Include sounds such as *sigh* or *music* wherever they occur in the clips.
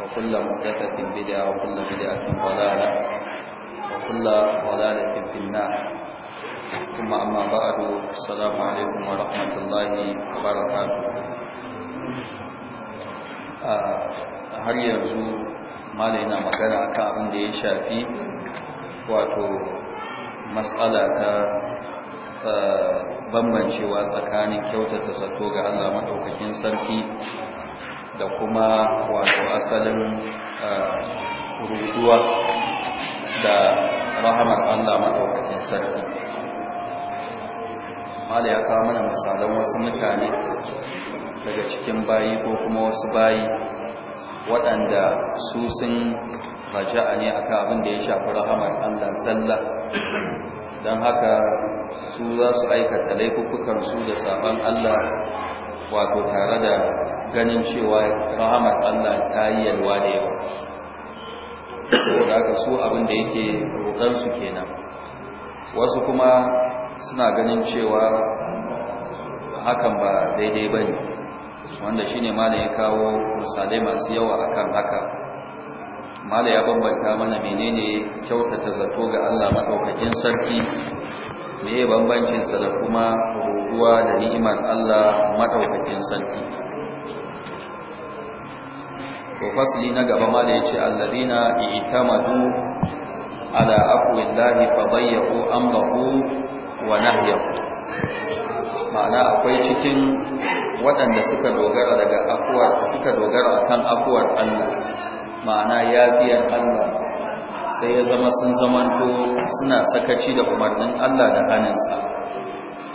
وكل محدثة بدعة وكل بدعة ضلالة وكل ضلالة في النار ثم أما بعد السلام عليكم ورحمة الله وبركاته har yanzu malai na magana akan abin da ya shafi wato matsala ta bambancewa tsakanin kyautata zato ga Allah maɗaukakin sarki da kuma wato asalin ah, ruduwa da rahamar Allah maɗaukakin sarki mali ya kawo mana misalan wasu mutane daga cikin bayi ko kuma wasu bayi waɗanda su sun raja'a ne akan abin da ya shafi rahamar Allah sallah don haka su za su aikata su da sabon Allah wato tare da ganin cewa rahamar Allah ta yi yalwa da yawa saboda aka su abin da yake roƙansu kenan wasu kuma suna ganin cewa hakan ba daidai ba ne wanda shine mala ya kawo misalai masu yawa akan haka mala ya bambanta mana menene kyautata zato ga Allah madaukakin sarki me bambancin sa da kuma ruwa da ni'imar Allah madaukakin sarki to fasli na gaba ma da yace allazina i'tamadu ala aqwillahi fadayyu amrahu wa nahyahu ma'ana akwai cikin waɗanda suka dogara daga afuwar suka dogara akan afuwar Allah ma'ana ya biyan Allah sai ya zama sun zamanto suna sakaci da umarnin Allah da hannunsa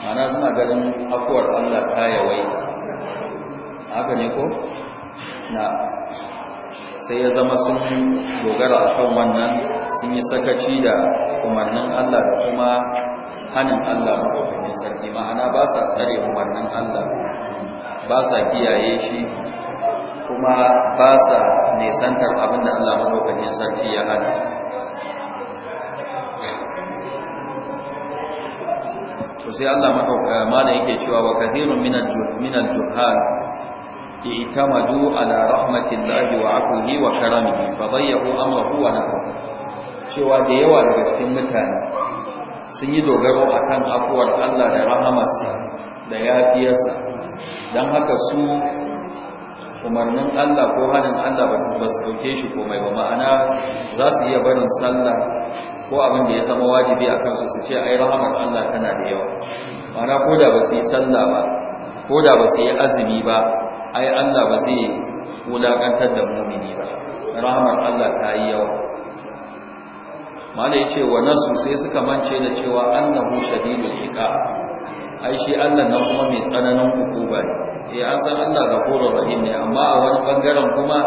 mana suna ganin afuwar Allah ta yawai. haka ne ko na sai ya zama sun dogara a kan wannan sun yi sakaci da umarnin Allah da kuma hannun Allah maɗaukakin sarki ma'ana ba sa tsare umarnin Allah ba sa kiyaye shi kuma ba sa nesantar abin da Allah maɗaukakin sarki ya hana to sai Allah madauka eh, mana yake cewa wa kathirun minal minal juhal itamadu ala rahmatillahi wa afuhi wa karamihi fadayyahu amrahu wa nahu cewa da yawa daga cikin mutane sun yi dogaro akan afuwar Allah da rahamarsa da yafiyarsa dan haka su umarnin Allah ko hanin Allah ba su dauke shi komai ba ma'ana za su iya barin sallah ko abin da ya zama wajibi a kansu su ce ai rahamar Allah tana da yawa mana ko da ba su yi sallah ba ko da ba su yi azumi ba ai Allah ba zai wulakantar da mumini ba rahamar Allah ta yi yawa mana yace wa nasu sai suka mance da cewa annahu shadidul iqa ai shi Allah nan kuma mai tsananin hukuma ne eh an san Allah ga rahim ne amma a wani bangaren kuma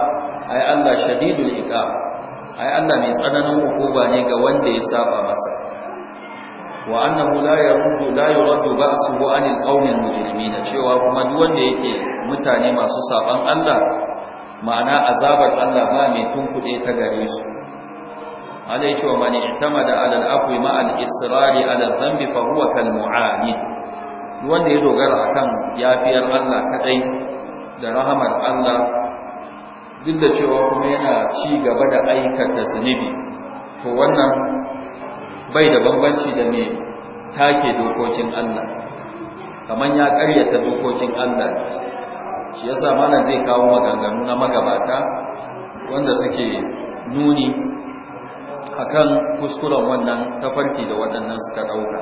ai Allah shadidul iqa ai Allah mai tsananin hukuma ne ga wanda ya saba masa wa annahu la yaruddu la yuraddu ba'suhu anil qawmil mujrimina cewa kuma duk wanda yake mutane masu saban Allah ma'ana azabar Allah ba mai tunkude ta gare su alai cewa mani itamada ala al-afwi ma al-israri ala dhanbi fa huwa kal mu'anid wanda ya dogara akan yafiyar Allah kadai da rahamar Allah duk da cewa kuma yana ci gaba da aikata zunubi to wannan bai da bambanci da mai take dokokin Allah kamar ya karyata dokokin Allah shi yasa mana zai kawo maganganu na magabata wanda suke nuni akan kuskuren wannan tafarki da waɗannan suka ɗauka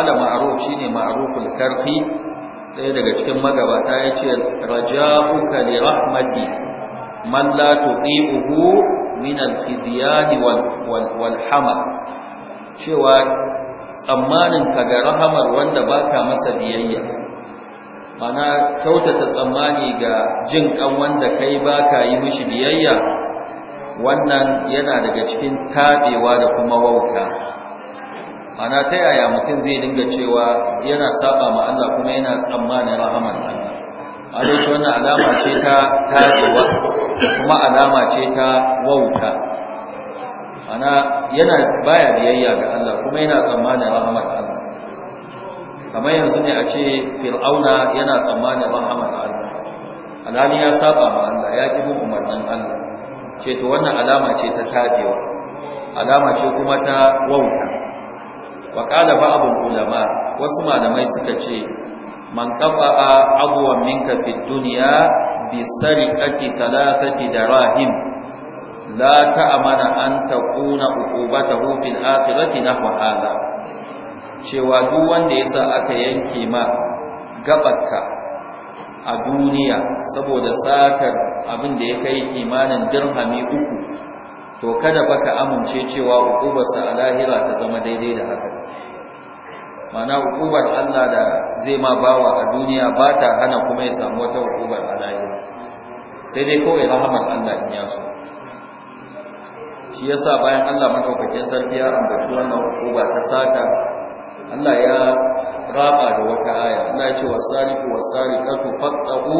ala ma'aruf shine ma'aruful karfi ɗaya daga cikin magabata ya ce raja'uka li rahmati man la tuqimuhu min al-fidyan wal cewa tsammanin ka ga rahamar wanda baka masa biyayya mana kyautata tsammani ga jin kan wanda kai baka yi mishi biyayya wannan yana daga cikin tabewa da kuma wauka. mana ta yaya mutum zai dinga cewa yana saba ma Allah kuma yana tsammanin rahamar wadda shi wannan alama ce ta tarewa kuma alama ce ta wauta ana yana baya biyayya ga Allah kuma yana tsammanin rahmat Allah kamar yanzu ne a ce fir'auna yana tsammanin rahmat Allah alhali ya saba ma Allah ya ƙi bin umarnin Allah ce to wannan alama ce ta tadewa, alama ce kuma ta wauta wa qala ba'd ulama wasu malamai suka ce man qata'a abwan minka fid dunya bi sariqati da rahim, la ta'mana an taquna uqubatahu fil akhirati na cewa duk wanda yasa aka yanke ma gaɓaka a duniya saboda sakar abin da ya kai kimanin dirhami uku to kada baka amince cewa uqubarsa a lahira ta zama daidai da haka mana hukubar Allah da zai ma bawa a duniya ba ta hana kuma ya samu wata hukubar a lahira sai dai kawai rahamar Allah in ya so shi yasa bayan Allah madaukakin sarki ya ambaci wannan hukuba ta sata Allah ya raba da wata aya Allah ya ce wasariqu wasariqatu faqahu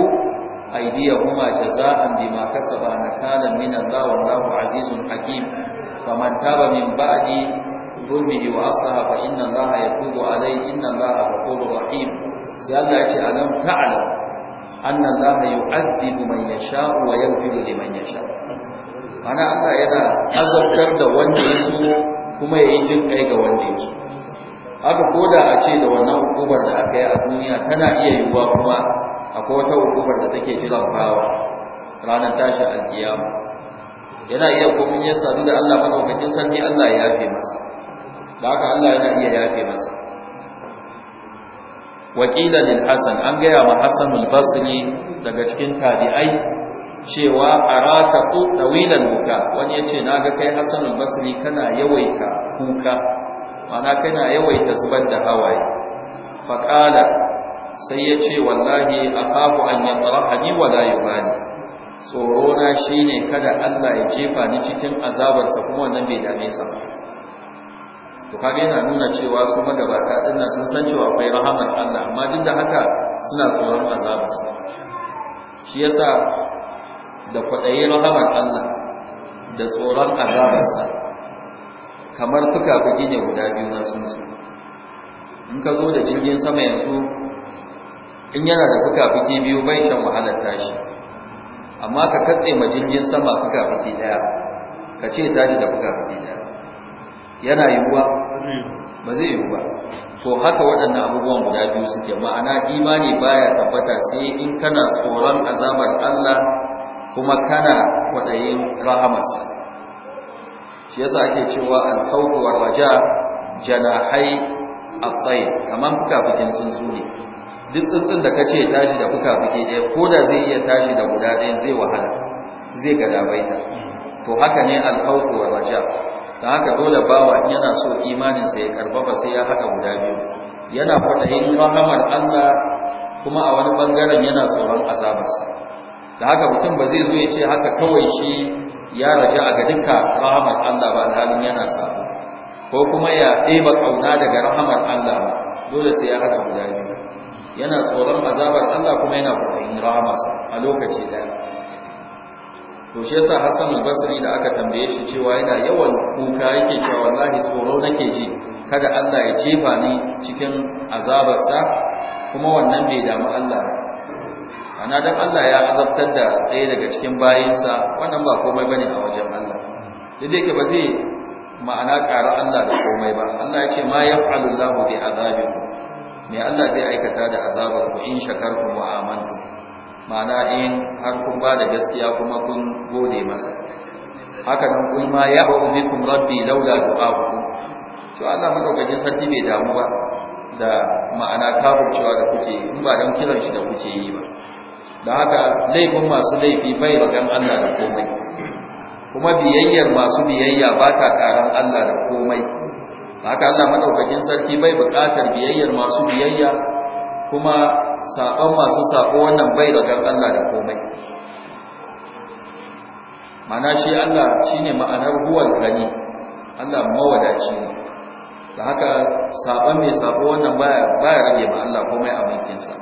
aydiyahuma jazaan bima kasaba nakalan min Allah wallahu azizun hakim faman taba min ba'di ظلمه وأصلها فإن الله يتوب عليه إن الله غفور رحيم سيالله يتي ألم تعلم أن الله يعذب من يشاء ويغفر لمن يشاء أنا الله yana azabtar da wanda yaso kuma yayi jin kai ga wanda yaso haka koda a ce da wannan hukumar da aka yi a duniya tana iya yiwuwa kuma akwai wata hukumar da take jiran bawa ranar tashi alkiyama yana iya komin ya sadu da Allah madaukakin sarki Allah ya yafe masa da haka Allah yana iya yafe masa wakila lil hasan an gaya ma hasan al-basri daga cikin tabi'ai cewa araka tu tawilan buka wani yace naga kai hasan al-basri kana yawaita kuka ma'ana kana yawaita zubar da hawaye faqala sai yace wallahi akhafu an yatrahani wa la yubani tsoro na shine kada Allah ya jefa ni cikin azabarsa kuma wannan bai dame sa ba to kaga yana nuna cewa su magabata nan sun san cewa akwai rahamar Allah amma duk da haka suna tsoron azaba shi yasa da kwaɗayi rahamar Allah da tsoron azabarsa kamar fuka-fuki ne guda biyu na tsuntsu in ka zo da jirgin sama yanzu in yana da fuka-fuki biyu bai shan wahalar tashi amma ka katse ma jirgin sama fuka-fuki daya ka ce tashi da fuka-fuki daya yana yiwuwa ba zai yiwu ba to haka waɗannan abubuwan guda biyu suke ma'ana imani baya tabbata sai in kana tsoron azabar Allah kuma kana kwaɗayin rahamas shi yasa ake cewa alkhawfu war raja janahai at-tayr kaman fukafukin tsuntsu ne duk tsuntsun da kace tashi da fukafuke ɗaya ko da zai iya tashi da guda ɗaya zai wahala zai gadabaita to haka ne alkhawfu war raja ta haka dole bawa yana so imaninsa ya karfafa sai ya haka guda biyu yana kwaɗayin rahamar Allah kuma a wani ɓangaren yana tsoron azabarsa da haka mutum ba zai zo ya ce haka kawai shi ya raja a ga duka rahamar Allah ba halin yana sabo ko kuma ya ɗeba ƙauna daga rahamar Allah ba dole sai ya haka guda biyu yana tsoron azabar Allah kuma yana kwaɗayin rahamarsa a lokaci ɗaya to shi yasa Hassan al-Basri da aka tambaye shi cewa yana yawan kuka yake cewa wallahi tsoro nake ji kada Allah ya jefa ni cikin azabarsa kuma wannan bai damu Allah ba ana dan Allah ya azabtar da ɗaya daga cikin bayinsa wannan ba komai bane a wajen Allah duk da yake ba zai ma'ana ƙara Allah da komai ba Allah ya ce ma yaf'alu bi azabikum me Allah zai aikata da azabar ku in shakartum wa amantum ma'ana in har kun ba da gaskiya kuma kun gode masa haka nan kun ma ya ba ubikum rabbi laula du'a'ukum to Allah madaukakin sarki bai damu ba da ma'ana cewa da kuke in ba dan kiran shi da kuke yi ba da haka laifin masu laifi bai bagan Allah da komai kuma biyayyar masu biyayya ba ta karan Allah da komai haka Allah madaukakin sarki bai buƙatar biyayyar masu biyayya kuma saƙon masu saƙo wannan bai ragar Allah da komai mana shi Allah shi ne ma'anar huwal kani Allah mawadaci ne da haka saƙon mai saƙo wannan baya rage ma Allah komai a mulkinsa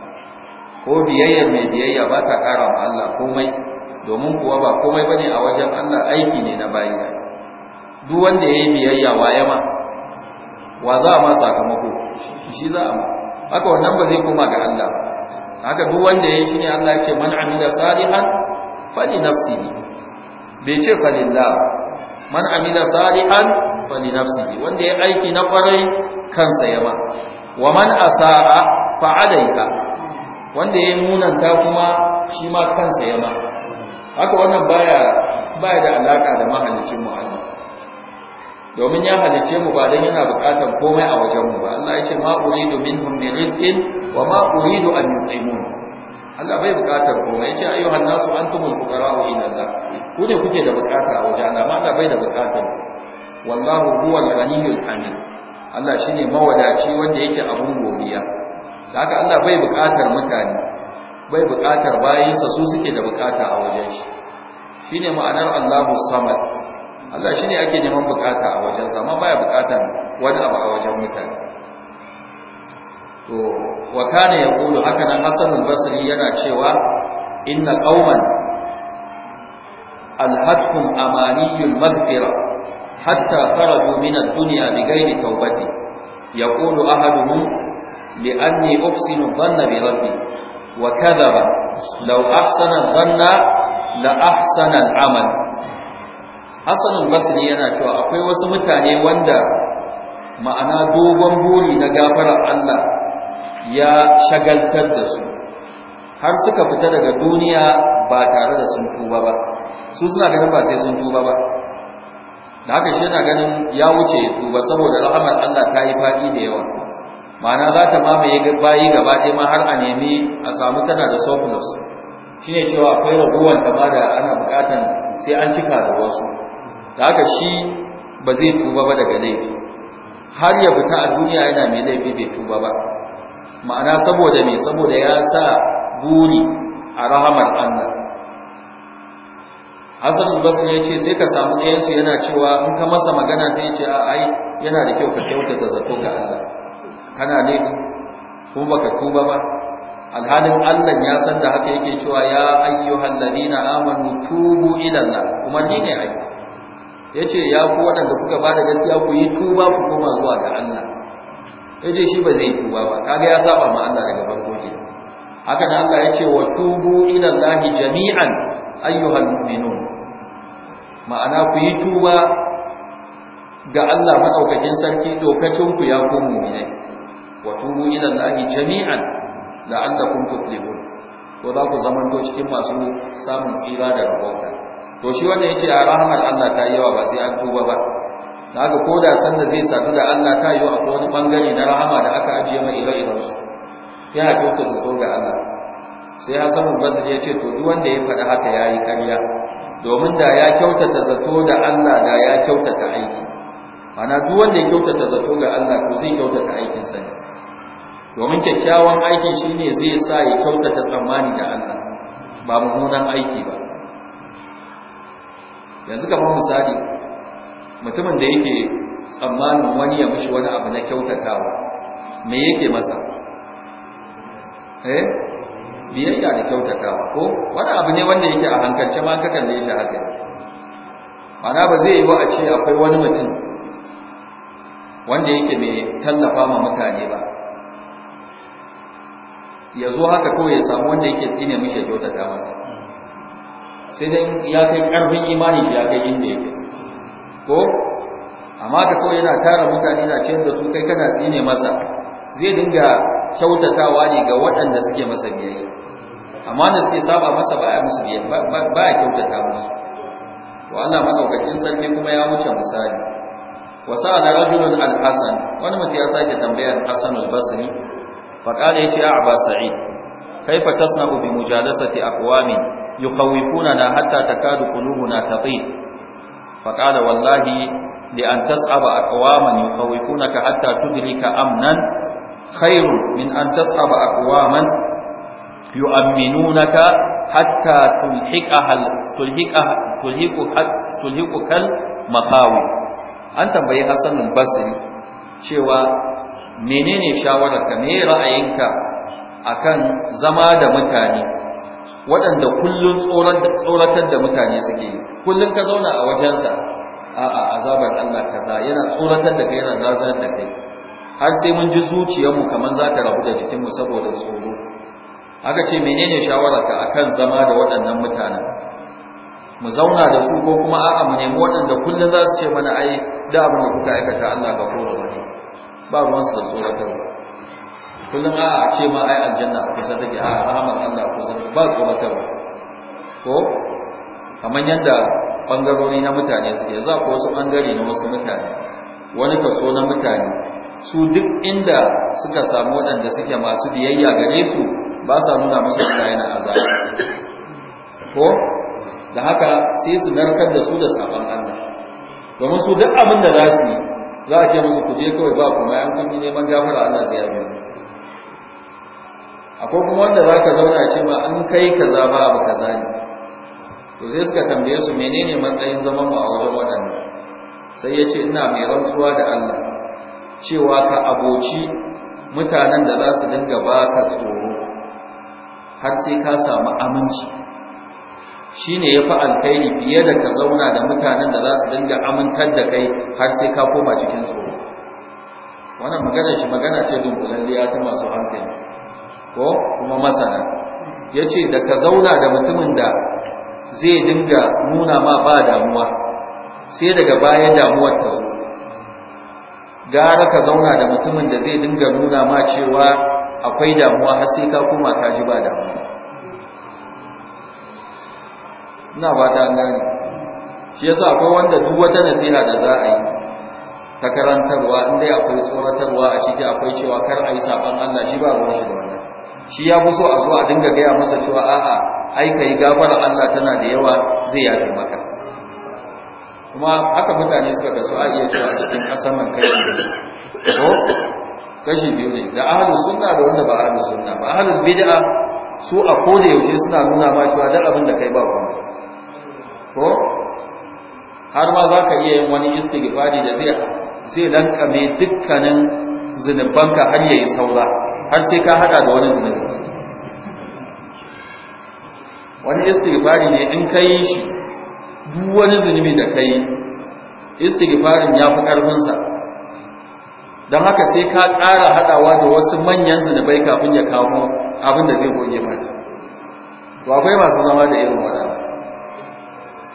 ko biyayya mai biyayya ba ta ƙara ma Allah komai domin kuwa ba komai bane a wajen Allah aiki ne na bayi duk wanda ya yi biyayya wa yama wa za a ma sakamako shi za a ma haka wannan ba zai koma ga Allah haka duk wanda ya yi shi ne Allah ya ce man amila salihan fali nafsihi bai ce fa lillah man amila salihan fali nafsihi wanda ya aiki na kwarai kansa yama wa man asaa fa alayka wanda ya ta kuma shi ma kansa yama haka wannan baya baya da alaka da mahallicin mu Allah domin ya halice mu ba dan yana bukatar komai a wajen mu ba Allah ya ce ma uridu minhum min rizqin wa ma uridu an yut'imun Allah bai bukatar komai ya ce ayyuhan nasu antumul fuqara'u ila Allah ku ne kuke da bukata a wajen amma Allah bai da bukata wallahu huwal ghaniyyul hamid Allah shine mawadaci wanda yake abun godiya haka Allah bai bukatar mutane bai bukatar bayinsa su suke da bukata a wajen shi shine ma'anar Allahu samad Allah shi ne ake neman bukata a wajensa amma baya bukatan wani abu a wajen mutane to wa kana yaqulu haka nan Hassan al-Basri yana cewa inna qauman alhatuhum amaniyul maghfira hatta kharaju min ad-dunya bighayri tawbati yaqulu ahaduhum li'anni uhsinu dhanna bi rabbi wa kadhaba law ahsana dhanna la ahsana al-amal hasanul basri yana cewa akwai wasu mutane wanda ma'ana dogon buri na gafarar Allah ya shagaltar da su har suka fita daga duniya ba tare da sun tuba ba su suna ganin ba sai sun tuba ba da haka shi yana ganin ya wuce ya tuba saboda rahamar Allah ta yi faɗi da yawa ma'ana za ta mamaye bayi gaba ɗaya ma har a nemi a samu tana da surplus shine cewa akwai raguwan da ma da ana buƙatan sai an cika da wasu da haka shi ba zai tuba ba daga laifi har ya fita a duniya yana mai laifi bai tuba ba ma'ana saboda me saboda ya sa buri a rahamar Allah Hassan basu ya ce sai ka samu ɗayansu yana cewa in ka masa magana sai ya ce a ai yana da kyau ka ta zato ga Allah kana ku? kuma baka tuba ba alhalin Allah ya san da haka yake cewa ya ayyuhal ladina amanu tubu ila Allah kuma ni ne ai Ya ce ya ku waɗanda kuka bada gaskiya ku yi tuba ku koma zuwa ga Allah Ya ce shi ba zai tuba ba kaga ya saba ma Allah daga farko ke haka nan Allah ce, wa tubu ila Allahi jami'an ayyuhal mu'minun ma'ana ku yi tuba ga Allah madaukakin sarki dokacin ku ya ku mu'minai wa tubu ila Allah jami'an la'allakum tuflihun ko za ku zamanto cikin masu samun tsira da rabauta to shi wanda yace a rahamar Allah ta yi yawa ba sai an tuba ba haka ko da san da zai sadu da Allah ta wa akwai wani bangare na rahama da aka ajiye mai ire ya haƙo ta zo ga Allah sai Hassan Basri ya ce to duk wanda ya faɗa haka yayi ƙarya domin da ya kyautata zato da Allah da ya kyautata aiki ana duk wanda ya kyautata zato ga Allah ko zai kyautata aikin sa domin kyakkyawan aiki shine zai sa ya kyautata tsammani da Allah ba mummunan aiki ba yanzu kamar misali mutumin da yake tsammanin wani ya mishi wani abu na kyautatawa me yake masa eh biyayya da kyautatawa ko wani abu ne wanda yake a hankalce ma ka kalle shi haka mana ba zai yi ba a ce akwai wani mutum wanda yake mai tallafa ma mutane ba ya zo haka ko ya samu wanda yake tsine mishi ya kyautata masa sai dai ya kai karfin imani shi ya kai inda ya ko amma ka kawai yana tara mutane na cin da su kai kana tsine masa zai dinga kyautatawa ne ga waɗanda suke masa biyayya amma da suke saba masa baya musu biyayya baya kyautata musu to Allah madaukakin sarki kuma ya wuce misali wa sa'ala rajulun al-hasan wani mutum ya sake tambayar hasan al-basri fa kana yace ya aba sa'id kaifa tasna'u bi mujalasati aqwamin yukhawifunana hatta takadu qulubuna taqi faqala wallahi li an tas'aba aqwaman yukhawifunaka hatta tudrika amnan khairun min an tas'aba aqwaman yu'minunaka hatta tulhiqa tulhiqa tulhiqu tulhiqukal mahawi an tambayi Hassan al-Basri cewa menene shawararka Ne ra'ayinka akan zama da mutane waɗanda kullun tsoratar da mutane suke kullun ka zauna a wajensa a'a azabar Allah kaza yana tsoratar da kai yana nazarin da kai har sai mun ji zuciyarmu kaman za ta rabu da jikinmu saboda tsoro aka ce menene shawararka akan zama da waɗannan mutanen mu zauna da su ko kuma a'a mu nemi waɗanda kullun za su ce mana ai da abin da kuka aikata Allah ka kowa ba ruwansu da tsoratarwa kullum a ce ma ai aljanna a kusa take a rahamar Allah kusa ba tsoratarwa ko kamar yadda bangarori na mutane suke za ko wasu bangare na wasu mutane wani kaso na mutane su duk inda suka samu waɗanda suke masu biyayya gare su ba sa nuna musu Allah yana azabi ko da haka sai su narkar da su da sabon Allah domin su duk abin da za su yi za a ce musu ku je kawai ba kuma yan kun yi neman gafara Allah zai yi akwai kuma wanda za ka zauna ce ma an kai kaza ba abu kaza ne to sai suka tambaye su menene matsayin zaman mu a wajen waɗannan sai ya ce ina mai rantsuwa da Allah cewa ka aboci mutanen da za su dinga ba ka tsoro har sai ka samu aminci shine fi alkhairi fiye da ka zauna da mutanen da za su dinga amintar da kai har sai ka koma cikin tsoro wannan magana shi magana ce dunkulalliya ta masu hankali ko kuma masana ya ce da ka zauna da mutumin da zai dinga nuna ma ba damuwa sai daga baya damuwar ta zo gara ka zauna da mutumin da zai dinga nuna ma cewa akwai damuwa har sai ka koma ka ji ba damuwa ina ba ta gane shi yasa akwai wanda duk wata nasiha da za a yi ta karantarwa in dai akwai tsoratarwa a ciki akwai cewa kar a yi saban Allah shi ba ruwan shi da wani shi ya fi so a zuwa a dinga gaya masa cewa a'a ai ka yi gafarar Allah tana da yawa zai yafe maka kuma haka mutane suka kasu a iya cewa a cikin asaman kai ko kashi biyu ne da ahlus sunna da wanda ba ahlus sunna ba ahlul bid'a su a koda yaushe suna nuna ma cewa da abin da kai ba kuma ko har ma za ka iya yin wani istighfari da zai zai lankame dukkanin zunubanka har yayi saura har sai ka hada da wani zunubi wani istighfari ne in ka yi shi duk wani zunubi da ka yi istighfarin ya fi ƙarfinsa don haka sai ka ƙara haɗawa da wasu manyan zunubai kafin ya kawo abin da zai goge mata to akwai masu zama da irin waɗanda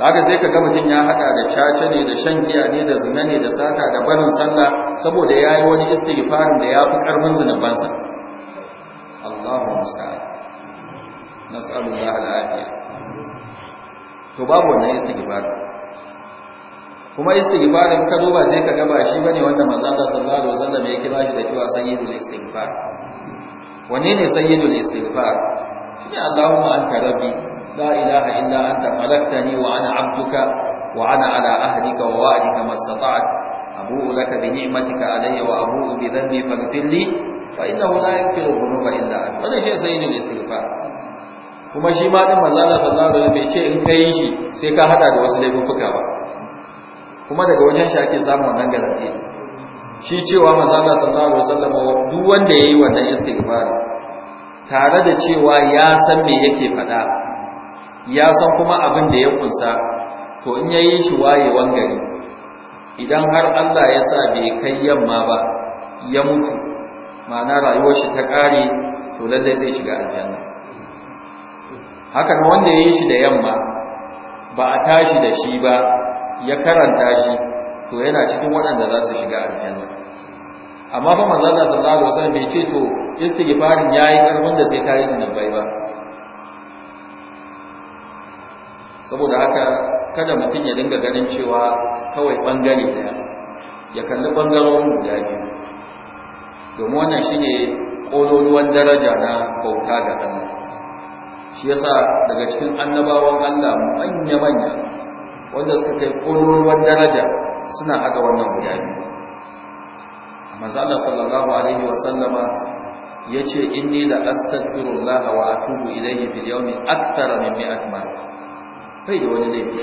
haka zai ka ga mutum ya haɗa da caca ne da shan giya ne da zina ne da sata da barin sallah saboda ya yi wani istighfarin da ya fi ƙarfin zunubansa Allahu musta'an nas'alullah al'afiya to babu wannan istighfar kuma istighfar in ka duba sai ka gaba shi bane wanda manzon Allah sallallahu alaihi wasallam ya kira shi da cewa sayyidul istighfar wanne ne sayyidul istighfar shine Allahumma anta rabbi la ilaha illa anta khalaqtani wa ana 'abduka wa ana ala ahdika wa wa'dika mastata'tu abu'u laka bi ni'matika alayya wa abu'u bi dhanbi faghfir li fa innahu la yaghfiru dhunuba illa anta wannan shi sai ne istighfar kuma shi ma din manzo Allah sallallahu alaihi wasallam bai ce in kai shi sai ka hada da wasu laifuka ba kuma daga wajen shi ake samun wannan garanti shi cewa manzo Allah sallallahu alaihi wasallam duk wanda yayi wannan istighfar tare da cewa ya san me yake faɗa ya san kuma abin da ya kunsa to in yayi shi wayewan gari idan har Allah ya sa bai kai yamma ba ya mutu ma'ana rayuwar shi ta ƙare to lallai zai shiga aljanna haka na wanda ya yi shi da yamma ba a tashi da shi ba ya karanta shi to yana cikin waɗanda za su shiga aljanna amma fa manzo Allah sallallahu alaihi wasallam bai ce to istighfarin yayi karfin da sai sunan bai ba saboda haka kada mutum ya dinga ganin cewa kawai bangare daya ya kalli bangaren guda biyu domin wannan ne ƙololuwan daraja na bauta ga Allah shi yasa daga cikin annabawan Allah manya manya wanda suka kai ƙololuwan daraja suna haka wannan guda biyu manzo sallallahu alaihi wa sallama yace inni la astaghfirullah wa atubu ilayhi fil yawmi akthara min mi'at marra kai da wani laifi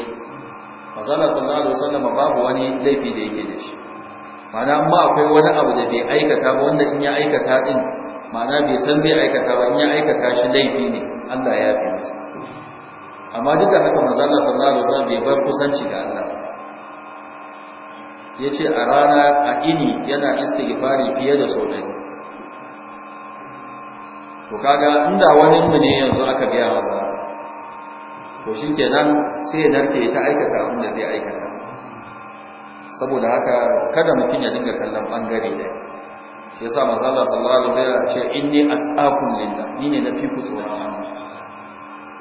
manzo Allah sallallahu alaihi wa sallama babu wani laifi da yake da shi ma'ana amma akwai wani abu da bai aikata ba wanda in ya aikata din ma'ana bai san zai aikata ba in ya aikata shi laifi ne Allah ya fi masa amma duk da haka manzo Allah sallallahu alaihi wasallam bai bar kusanci ga Allah yace a rana a ini yana istighfari fiye da sau ɗaya. to kaga inda wani mu ne yanzu aka biya masa to shikenan sai ya narke ta aikata abin da zai aikata saboda haka kada mutum ya dinga kallon bangare ɗaya shi yasa manzo sallallahu alaihi wasallam ya ce inni atqakum lillah ni ne na fi ku tsoron Allah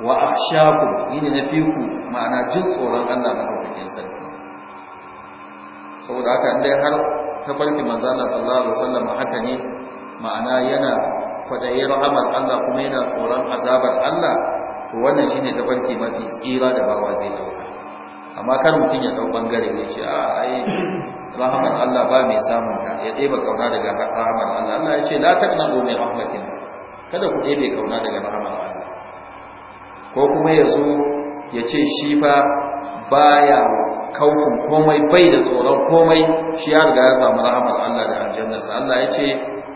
wa akhshakum ni ne na fi ku ma'ana jin tsoron Allah na haukakin sarki saboda haka indai har ta barki manzo sallallahu alaihi wasallam haka ne ma'ana yana kwadayi rahmat Allah kuma yana tsoron azabar Allah to wannan shine ta barki mafi tsira da bawa zai dauka amma kar mutum ya dau bangare ne ce a ah, ai rahmar Allah ba mai samun ka ya ɗeba kauna daga rahmar Allah Allah ya ce la taqnadu min rahmatin kada ku ɗebe kauna daga rahmar Allah ko kuma ya zo ya ce shi fa baya kaukun komai bai da tsoron komai shi ya riga ya samu rahmar Allah da aljannarsa Allah ya ce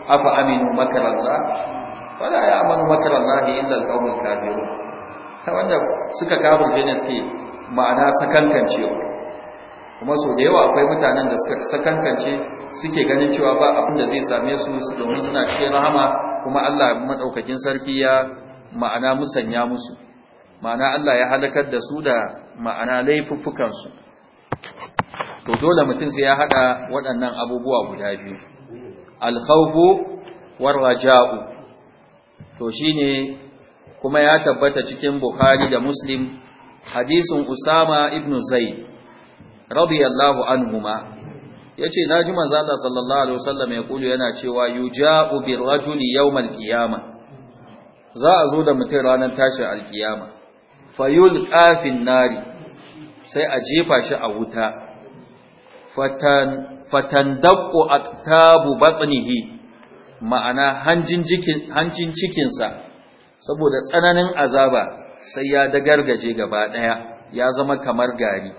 afa aminu makarallah wala ya amanu makarallah illa alqawmul kafirun ta wanda suka kafirce ne suke ma'ana sakankance kuma sau da yawa akwai mutanen da suka sakankance suke ganin cewa ba abin da zai same su su domin suna cikin rahama kuma Allah madaukakin sarki ya ma'ana musanya musu ma'ana Allah ya halakar da su da ma'ana laifuffukan to dole mutum sai ya haɗa waɗannan abubuwa guda biyu al-khawfu war-raja'u to shine kuma ya tabbata cikin Buhari da Muslim hadisin usama ibn zaid radiyallahu anhuma yace naji manzo Allah sallallahu alaihi wasallam ya kulu yana cewa yuja'u bir rajuli yawmal qiyama za a zo da mutum ranar tashin alkiyama fayul qafin nari sai a jefa shi a wuta fatan fatandaqu atabu batnihi ma'ana hanjin jikin hanjin cikinsa saboda tsananin azaba sai ya dagargaje gaba daya ya zama kamar gari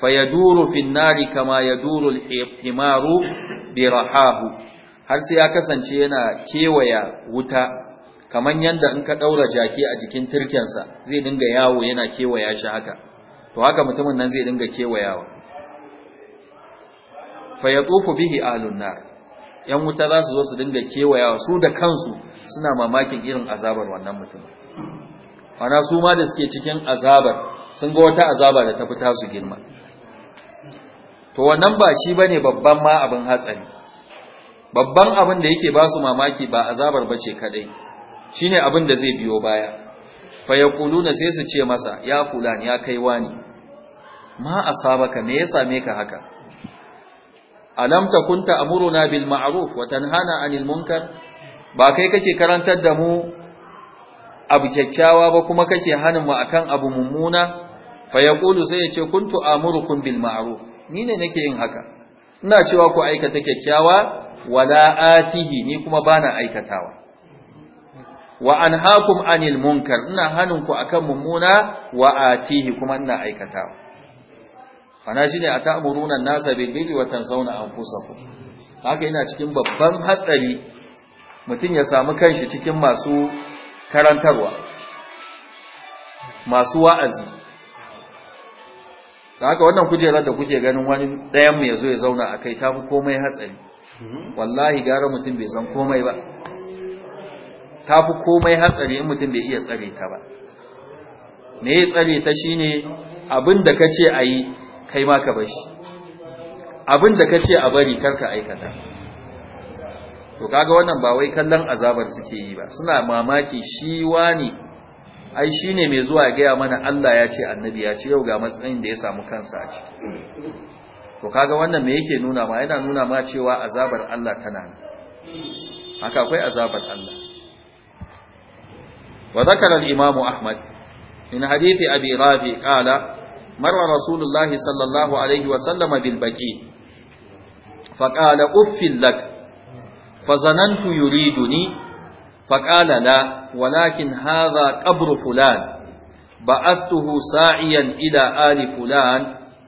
fayaduru fin nari kama yaduru al-himaru har sai ya kasance yana kewaya wuta kaman yanda in ka daura jaki a jikin turkensa zai dinga yawo yana kewaya shi haka to haka mutumin nan zai dinga kewayawa fayatufu bihi ahlun nar yan wuta za su zo su dinga kewayawa su da kansu suna mamakin irin azabar wannan mutumin ana su ma da suke cikin azabar sun ga wata azaba da ta fita su girma to wannan ba shi bane babban ma abin hatsari babban abin da yake ba su mamaki ba azabar bace kadai shine abin da zai biyo baya fa yaquluna sai su ce masa ya kulan ya kai wani ma asabaka me ya same ka haka alam kunta amuruna bil ma'ruf wa tanhana anil munkar ba kai kake karantar da mu abu kyakkyawa ba kuma kake hanin mu akan abu mummuna fa yaqulu sai ya ce kuntu amurukum bil ma'ruf ni ne nake yin haka ina cewa ku aikata kyakkyawa wala atihi ni kuma bana aikatawa wa anhaakum anil munkar ina hanin ku akan mummuna wa atihi kuma ina aikatawa ana shine ata'muruna an-nasa bil birri wa tansawna anfusakum haka ina cikin babban hatsari mutum ya samu kanshi cikin masu karantarwa masu wa'azi da haka wannan kujerar da kuke ganin wani ɗayanmu ya zo ya zauna a kai ta komai hatsari wallahi gara mutum bai san komai ba ta fi komai hatsari in mutum bai iya tsare ta ba me ya tsare ta shi abin da ka ce a yi kai ma ka bashi abin da ka ce a bari karka aikata to kaga wannan ba wai kallon azabar suke yi ba suna mamaki shi wani ai shine mai zuwa gaya mana Allah ya ce annabi ya ce yau ga matsayin da ya samu kansa a ciki to kaga wannan me yake nuna ma yana nuna ma cewa azabar Allah tana nan haka akwai azabar Allah wa zakara al-imamu ahmad min hadithi abi rafi qala marra rasulullahi sallallahu alaihi wa sallama bil baqi qala uffil lak fazanantu yuriduni faqala la walakin hadha ƙabru fulan ba'athuhu sa'iyan ila ali fulan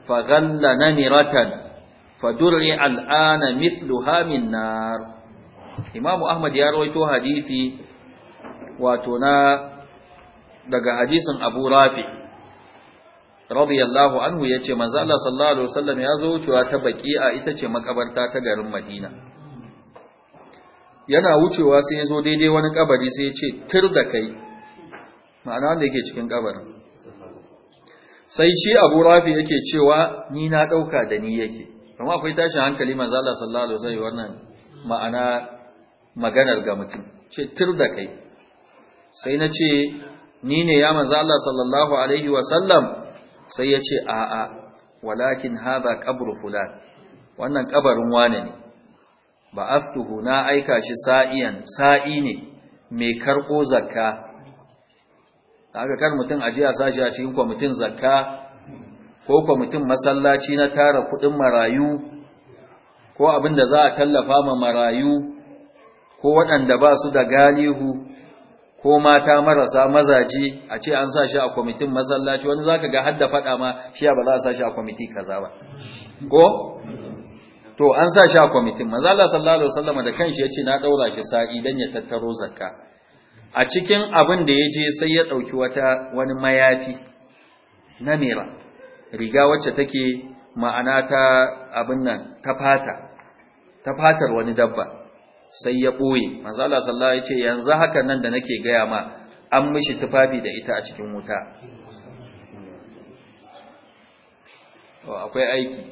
faghalla namiratan fadurri al'ana mithluha min nar ahmad ya rawaito hadisi wato daga hadisin abu rafi radiyallahu anhu yace manzo Allah sallallahu alaihi wasallam ya zo wucewa ta baqi'a ita ce makabarta ta garin Madina yana wucewa sai ya zo daidai wani kabari sai ya ce tur da kai ma'ana wanda yake cikin kabarin sai shi abu rafi yake cewa ni na ɗauka da ni yake kuma akwai tashin hankali manzala sallallahu alaihi wasallam wannan ma'ana maganar ga mutum ce tur da kai sai na ce ni ne ya manzala sallallahu alaihi wasallam sai ya ce a'a walakin hadha qabru fulan wannan kabarin wane ne ba'athuhu na aika shi sa'iyan sa'i ne mai karko zakka aka kar mutum aje a sashi a cikin kwamitin zakka ko kwamitin masallaci na tara kudin marayu ko abinda za a tallafa ma marayu ko waɗanda ba su da galihu ko mata marasa mazaje a ce an sa shi a kwamitin masallaci wani za ka ga hadda faɗa ma shi ba za a sa shi a kwamiti kaza ba ko to an sa shi a kwamitin manzo Allah sallallahu alaihi wasallam da kanshi yace na daura shi sa'i dan ya tattaro zakka a cikin abin da yaje sai ya dauki wata wani mayafi na mira. riga wacce take ma'ana ta abin nan ta fata ta fatar wani dabba sai ya boye manzo Allah sallallahu alaihi yace yanzu haka nan da nake gaya ma an mishi tufafi da ita a cikin wuta akwai aiki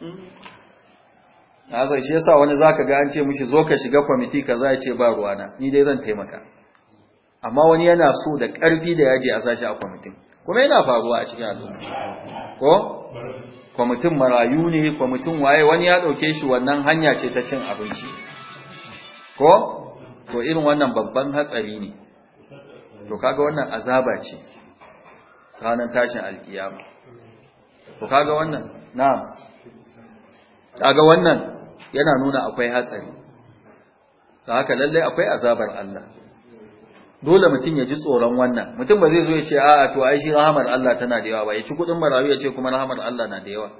hmm? na zai shi yasa wani zaka ga an ce mishi zo ka shiga kwamiti kaza ya ce ba ruwana ni dai zan taimaka amma wani yana so da ƙarfi da yaje a sashi a kwamitin kuma yana faruwa a cikin al'umma ko kwamitin marayu ne kwamitin waye wani ya ɗauke shi wannan hanya ce ta cin abinci ko to irin wannan babban hatsari ne to kaga wannan azaba ce ranar tashin alkiyama to kaga wannan na'am kaga wannan yana nuna akwai hatsari ta haka lallai akwai azabar Allah dole mutum ya ji tsoron wannan mutum ba zai zo ya ce a to ai shi rahamar Allah tana da yawa ba ya ci kudin marawi ya ce kuma rahamar Allah na da yawa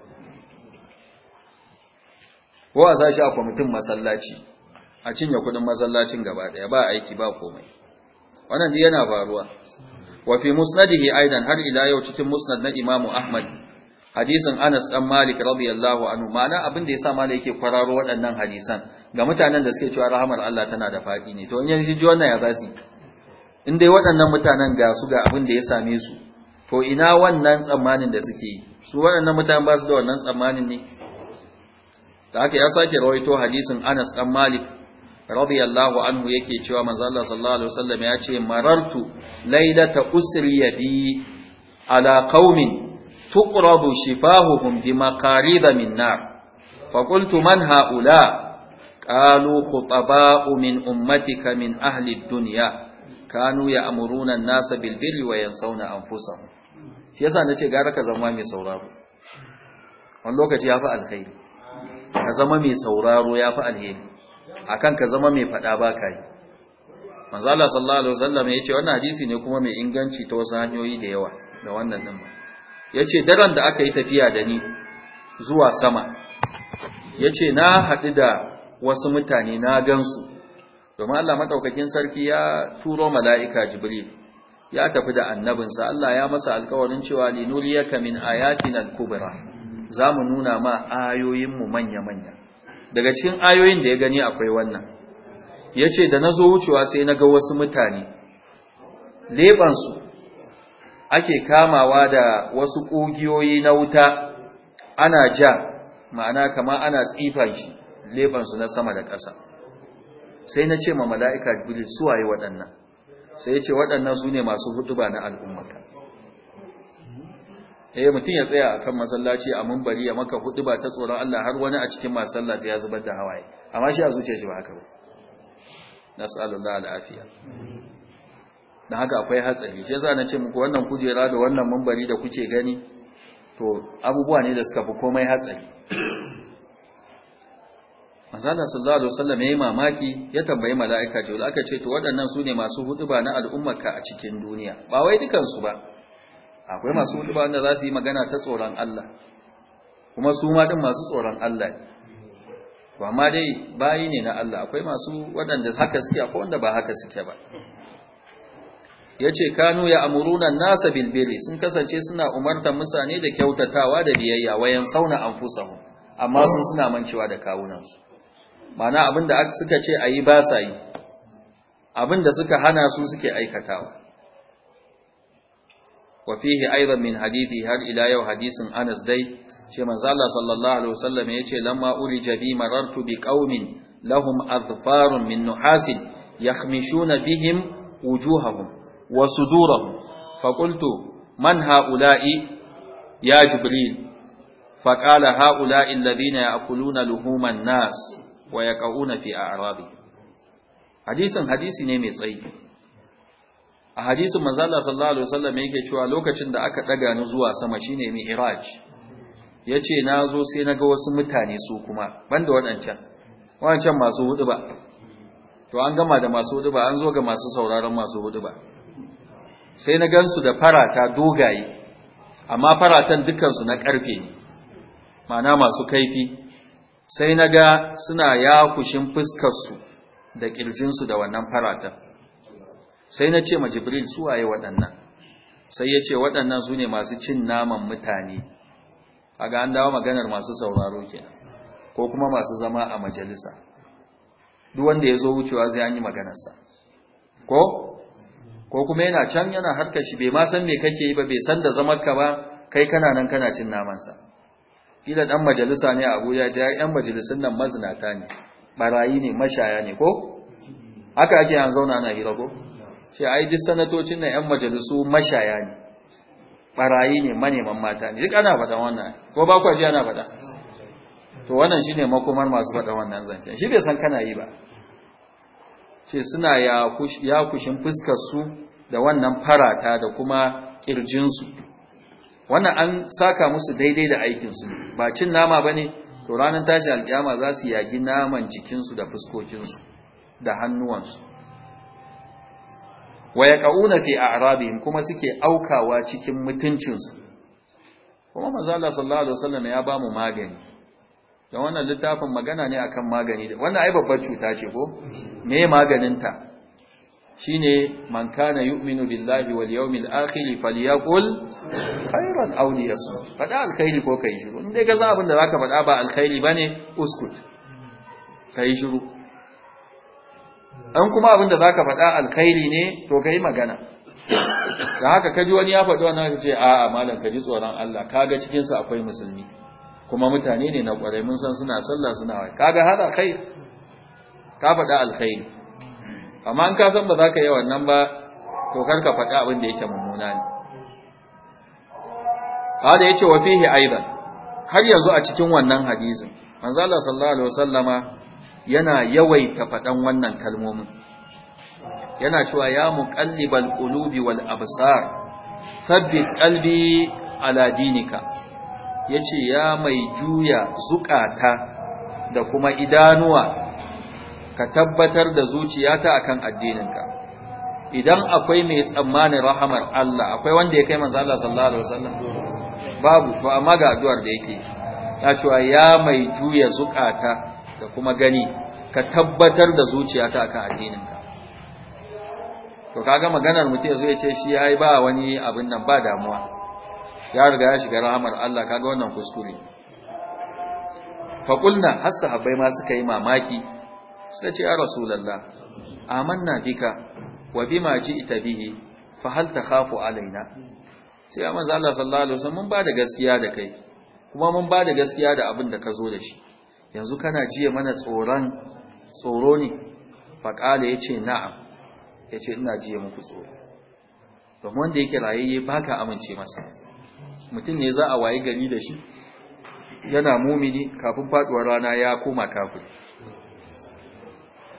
ko a sashi akwai mutum masallaci a cinye kudin masallacin gaba daya ba aiki ba komai wannan yana faruwa wa fi musnadihi aidan har ila yau cikin musnad na Imam Ahmad hadisin Anas dan Malik radiyallahu anhu mana abin da yasa Malik yake kwararo waɗannan hadisan ga mutanen da suke cewa rahmar Allah tana da faɗi ne to in yanzu ji wannan ya zasi in dai waɗannan mutanen ga su ga abin da ya same su to ina wannan tsammanin da suke yi su waɗannan mutanen ba su da wannan tsammanin ne da haka ya sake rawaito hadisin Anas dan Malik radiyallahu anhu yake cewa manzo Allah sallallahu alaihi wasallam ya ce marartu lailata usri yadi ala qaumin tuqradu shifahuhum bi maqarida min nar fa qultu man haula قالوا خطباء من أمتك من أهل الدنيا كانوا يأمرون الناس بالبر وينسون أنفسهم shi yasa nace gara ka zama mai sauraro wani lokaci yafi alkhairi ka zama mai sauraro akan ka zama mai fada ba kai manzo Allah sallallahu alaihi wasallam yace wannan hadisi ne kuma mai inganci ta wasu hanyoyi da yawa da wannan din ba ya ce daren da aka yi tafiya da ni zuwa sama ya ce na haɗu da wasu mutane na gansu domin Allah maɗaukakin sarki ya turo mala'ika jibril ya tafi da annabinsa Allah ya masa alkawarin cewa linuriyaka min a al kubura. za mu nuna ma ayoyinmu manya-manya daga cikin ayoyin da ya gani akwai wannan ya ce da na zo wucewa sai na ga wasu mutane leɓansu ake kamawa da wasu ƙugiyoyi na wuta ana ja ma'ana kama ana tsifan shi lebansu na sama da ƙasa sai na ce ma mala'ika su suwaye waɗannan sai ya ce waɗannan su ne masu huduba na al'ummata eh mutum ya tsaya a kan masallaci a munbari ya maka huduba ta tsoron Allah har wani a cikin masallaci ya zubar da hawaye amma shi a zuciyar shi ba haka ba nas'alullahi al'afiya don haka akwai hatsari shi yasa na ce muku wannan kujera da wannan mambari da kuke gani to abubuwa ne da suka fi komai hatsari manzala sallallahu alaihi wasallam yayi mamaki ya tambayi mala'ika jibril aka ce to waɗannan sune masu huduba na al'ummarka a cikin duniya ba wai dukan su ba akwai masu huduba wanda za su yi magana ta tsoron Allah kuma su ma din masu tsoron Allah to amma dai bayi ne na Allah akwai masu waɗanda haka suke akwai wanda ba haka suke ba yace kanu ya amuruna nasa bilbiri sun kasance suna umartar mutane da kyautatawa da biyayya wayan sauna anfusahum amma sun suna mancewa da kawunansu mana abinda suka ce a ba sa yi abinda suka hana su suke aikatawa wa fihi aidan min hadithi har ila yau hadisin Anas dai ce manzo Allah sallallahu alaihi wasallam yace lamma uri jabi marartu bi qaumin lahum azfarun min nuhasin yakhmishuna bihim wujuhahum wa sudurahum faqultu man haula'i ya jibril faqala haula'i alladhina ya'kuluna luhuman nas wa yaqauna fi a'rabi hadisin hadisi ne mai tsayi a hadisin manzo Allah sallallahu alaihi wasallam yake cewa lokacin da aka daga ni zuwa sama shine mi'raj yace zo sai naga wasu mutane su kuma banda wadancan wadancan masu hudu ba to an gama da masu hudu ba an zo ga masu sauraron masu hudu ba sai na gansu da farata dogaye amma faratan dukansu na karfe ne mana masu kaifi sai na ga suna yakushin fuskarsu da ƙirjinsu da wannan faratan sai na ce ma jibril suwaye waɗannan sai ya ce waɗannan su ne masu cin naman mutane a ga an dawo maganar masu sauraro kenan ko kuma masu zama a majalisa duk wanda ya zo wucewa zai an yi maganarsa ko ko kuma yana can yana harkar shi bai ma san me kake yi ba bai san da zamar ka ba kai kana nan kana cin namansa kila dan majalisa ne Abuja ja yan majalisun nan mazinata ne barayi ne mashaya ne ko haka ake yan zauna ana hira ko ce ai duk sanatocin nan yan majalisu mashaya ne barayi ne maneman mata ne duk ana faɗa wannan ko ba ku ji ana faɗa to wannan shine makomar masu faɗa wannan zance shi bai san kana yi ba ce suna ya kushin fuskar su da wannan farata da kuma ƙirjinsu wannan an saka musu daidai da aikinsu ba cin nama ba ne to ranar tashi alƙiyama za su yagi naman jikinsu da fuskokinsu da hannuwansu waya ƙa'una fi a arabihim kuma suke aukawa cikin mutuncinsu kuma mazala sallallahu alaihi wasallam ya ba mu magani da wannan littafin magana ne akan magani wannan ai babbar cuta ce ko me maganinta shine man kana yu'minu billahi wal yawmil akhir falyaqul khairan aw liyasmut fada alkhairi ko kai shiru in dai ka san abin da zaka fada ba alkhairi bane uskut kai shiru an kuma abin da zaka fada alkhairi ne to kai magana da haka kaji wani ya faɗi wannan kace a'a malam kaji tsoron Allah kaga cikin su akwai musulmi kuma mutane ne na kwarai mun san suna sallah suna kaga hada khair ka faɗa alkhairi amma in ka san ba za ka yi wannan ba to kar ka faɗi abin da yake mummuna ne hada yace wa fihi aidan har yanzu a cikin wannan hadisin manzo Allah sallallahu alaihi wasallama yana yawaita faɗan wannan kalmomin yana cewa ya muqallibal qulubi wal absar thabbit qalbi ala dinika yace ya mai juya zukata da kuma idanuwa ka tabbatar da zuciyata akan addininka idan akwai mai tsammanin rahamar Allah akwai wanda ya kai manzo Allah sallallahu alaihi wasallam babu to amma ga addu'ar da yake ya cewa ya mai juya zukata da kuma gani ka tabbatar da zuciyata akan addininka to kaga maganar mutum yazo ya ce shi ai ba wani abin nan ba damuwa ya riga ya shiga rahamar Allah kaga wannan kuskure fa kulna har sahabbai ma suka yi mamaki suka ce ya rasulullah amanna bika wa bima ita bihi fa hal khafu alaina sai manzo Allah sallallahu alaihi wasallam mun bada gaskiya da kai kuma mun bada gaskiya da abin da ka zo da shi yanzu kana jiye mana tsoron tsoro ne fa kale yace na'am yace ina jiye muku tsoro domin wanda yake rayayye baka amince masa mutum ne za a wayi gani da shi yana mumini kafin faɗuwar rana ya koma kafiri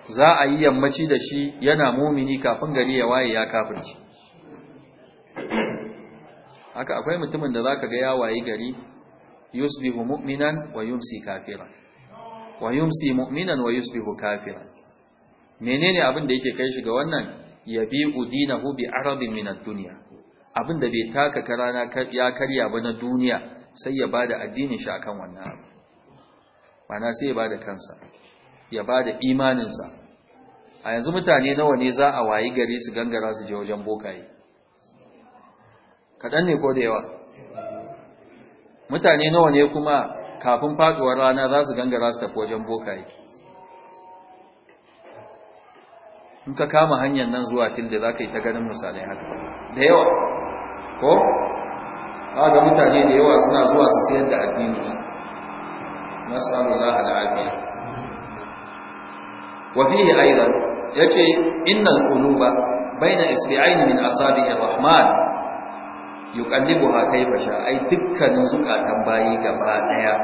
za a yi yammaci da shi yana mumini kafin gari ya waye ya kafirci haka akwai mutumin da zaka ga ya waye gari yusbihu mu'minan wa yumsi kafiran wa yumsi mu'minan wa yusbihu kafiran menene abin da yake kai shi ga wannan bi dinahu bi arabin min ad-dunya abin da bai taka karana ya karya ba na duniya sai ya bada addinin shi akan wannan abu sai ya bada kansa ya bada imaninsa a yanzu mutane nawa ne za a wayi gari su gangara su je wajen bokaye kaɗan ne ko da yawa mutane nawa ne kuma kafin faduwar rana za su gangara su tafi wajen bokaye in ka kama hanyar nan zuwa tilda za ka yi ta ganin misalai haka da yawa ko Ba ga mutane da yawa suna zuwa su siyar da addini Na za a al'afiya wa fihi aidan yace innal quluba baina isbi'ain min asabi'i rahman yuqallibuha kayfa sha ai dukkanin zukatan bayi gaba daya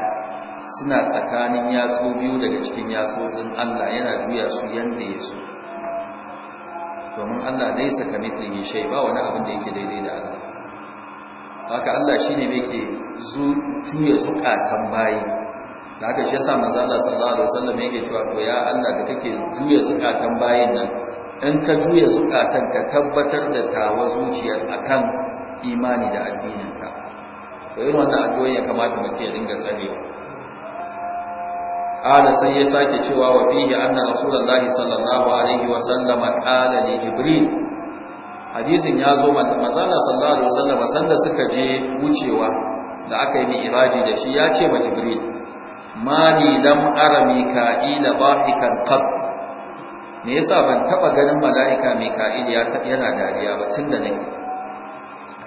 suna tsakanin yatsu biyu daga cikin yatsotsin Allah yana juya su yanda ya so domin Allah laisa kamithlihi shay ba wani abin da yake daidai da Allah haka Allah shine yake juya zukatan bayi da haka shi yasa manzo Allah sallallahu alaihi wasallam yake cewa to ya Allah da kake juya zukatan bayan nan in ka juya zukatan ka tabbatar da tawa zuciyar a kan imani da addininka to irin wannan addu'o'i ya kamata mutum ya dinga tsarewa sai ya sake cewa wa fihi anna rasulullahi sallallahu alaihi wa sallama qala li jibril ya zo manzo sallallahu alaihi wa sallama sanda suka je wucewa da aka yi mi'raji da shi ya ce wa jibril mali lam ara mika'ila bahikan qab me yasa ban taba ganin mala'ika mika'il ya yana dariya ba tunda nake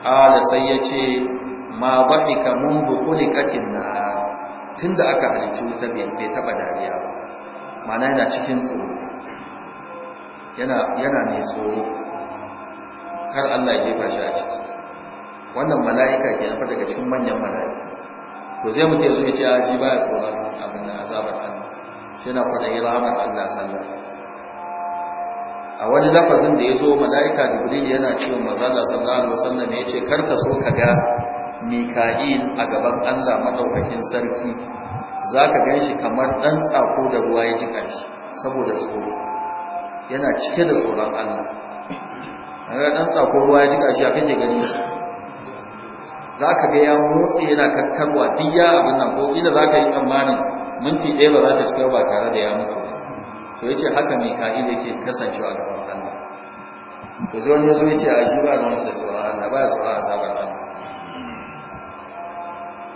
ala sai yace ma bahika mundu khuliqatin na, tunda aka halicci wuta bai taba dariya ba mana yana cikin tsoro yana yana ne tsoro kar Allah ya jefa shi a ciki wannan mala'ika ke nafa daga cikin manyan mala'ika to zai mutum yanzu ya ce a ji baya tsoron abin da azabar Allah shi na kwaɗayi rahamar Allah sallallahu a wani lafazin da ya zo mala'ika jibril yana cewa mazala sallallahu alaihi wasallam ya ce kar ka so ka ga mika'il a gaban Allah madaukakin sarki zaka ganshi kamar dan tsako da ruwa ya jika shi saboda tsoro yana cike da tsoron Allah kaga dan tsako ruwa ya jika shi a kake gani za ka ga ya motsi yana kakkarwa duk ya abin nan ko ina za ka yi tsammani minti ɗaya ba za ta cika ba tare da ya mutu ba to ya ce haka mai ka'ida yake kasancewa a gaban Allah to sai yanzu ya ce a shi ba ruwan sai tsoron Allah ba ya tsoron azabar Allah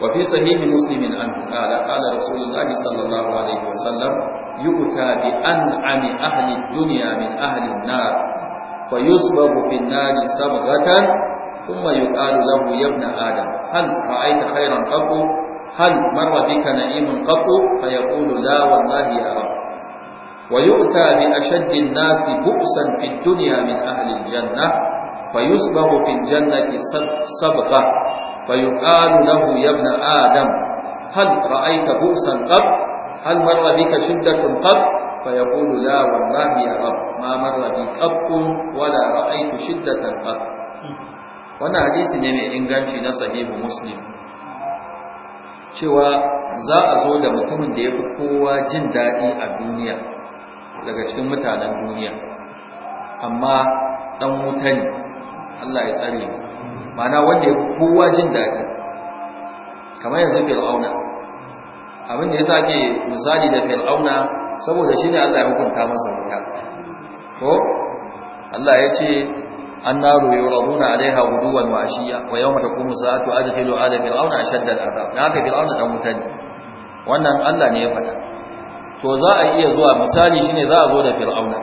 wa fi sahihi muslimin an qala qala rasulullahi sallallahu alaihi wasallam yu'ta bi an'ami ahli dunya min ahli an-nar fa yusbabu bin nar sabghatan ثم يقال له يا ابن آدم هل رأيت خيرا قط هل مر بك نعيم قط فيقول لا والله يا رب ويؤتى بأشد الناس بؤسا في الدنيا من أهل الجنة فيصبغ في الجنة صبغة فيقال له يا ابن آدم هل رأيت بؤسا قط هل مر بك شدة قط فيقول لا والله يا رب ما مر بي قط ولا رأيت شدة قط wannan hadisi ne mai inganci na sahihu muslim cewa za a zo da mutumin da ya fi kowa jin daɗi a duniya daga cikin mutanen duniya amma ɗan wuta ne Allah ya tsare mana wanda ya fi kowa jin daɗi kamar yanzu fir'auna abin da ya sake misali da fir'auna saboda shi ne Allah ya hukunta masa wuta ko Allah ya ce annaru yuraduna alaiha guduwan wa ashiya wa yawma taqumu sa'atu adkhilu ala fir'auna ashadda al'adab dan haka fir'auna dan wuta ne wannan Allah ne ya faɗa to za a iya zuwa misali shine za a zo da fir'auna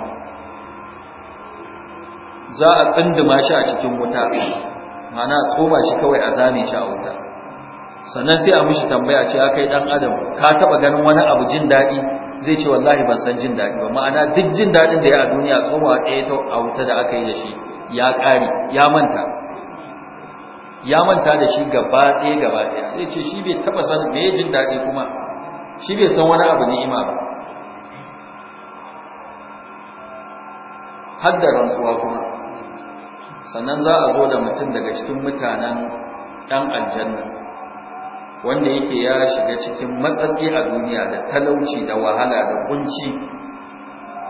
za a tsinduma shi a cikin wuta mana tsoma shi kawai a zame shi a wuta sannan sai a mishi tambaya ce ya kai dan adam ka taba ganin wani abu jin daɗi zai ce wallahi ban san jin daɗi ba ma'ana duk jin daɗin da ya a duniya tsoma ɗaya ta a wuta da aka yi da shi ya ƙari ya manta ya manta da shi gaba ɗaya gaba ɗaya zai ce shi bai taɓa san me jin daɗi kuma shi bai san wani abu ne, ima ba har da rantsuwa kuma sannan za a zo da mutum daga cikin mutanen ɗan aljanna wanda yake ya shiga cikin matsatsi a duniya da talauci da wahala da kunci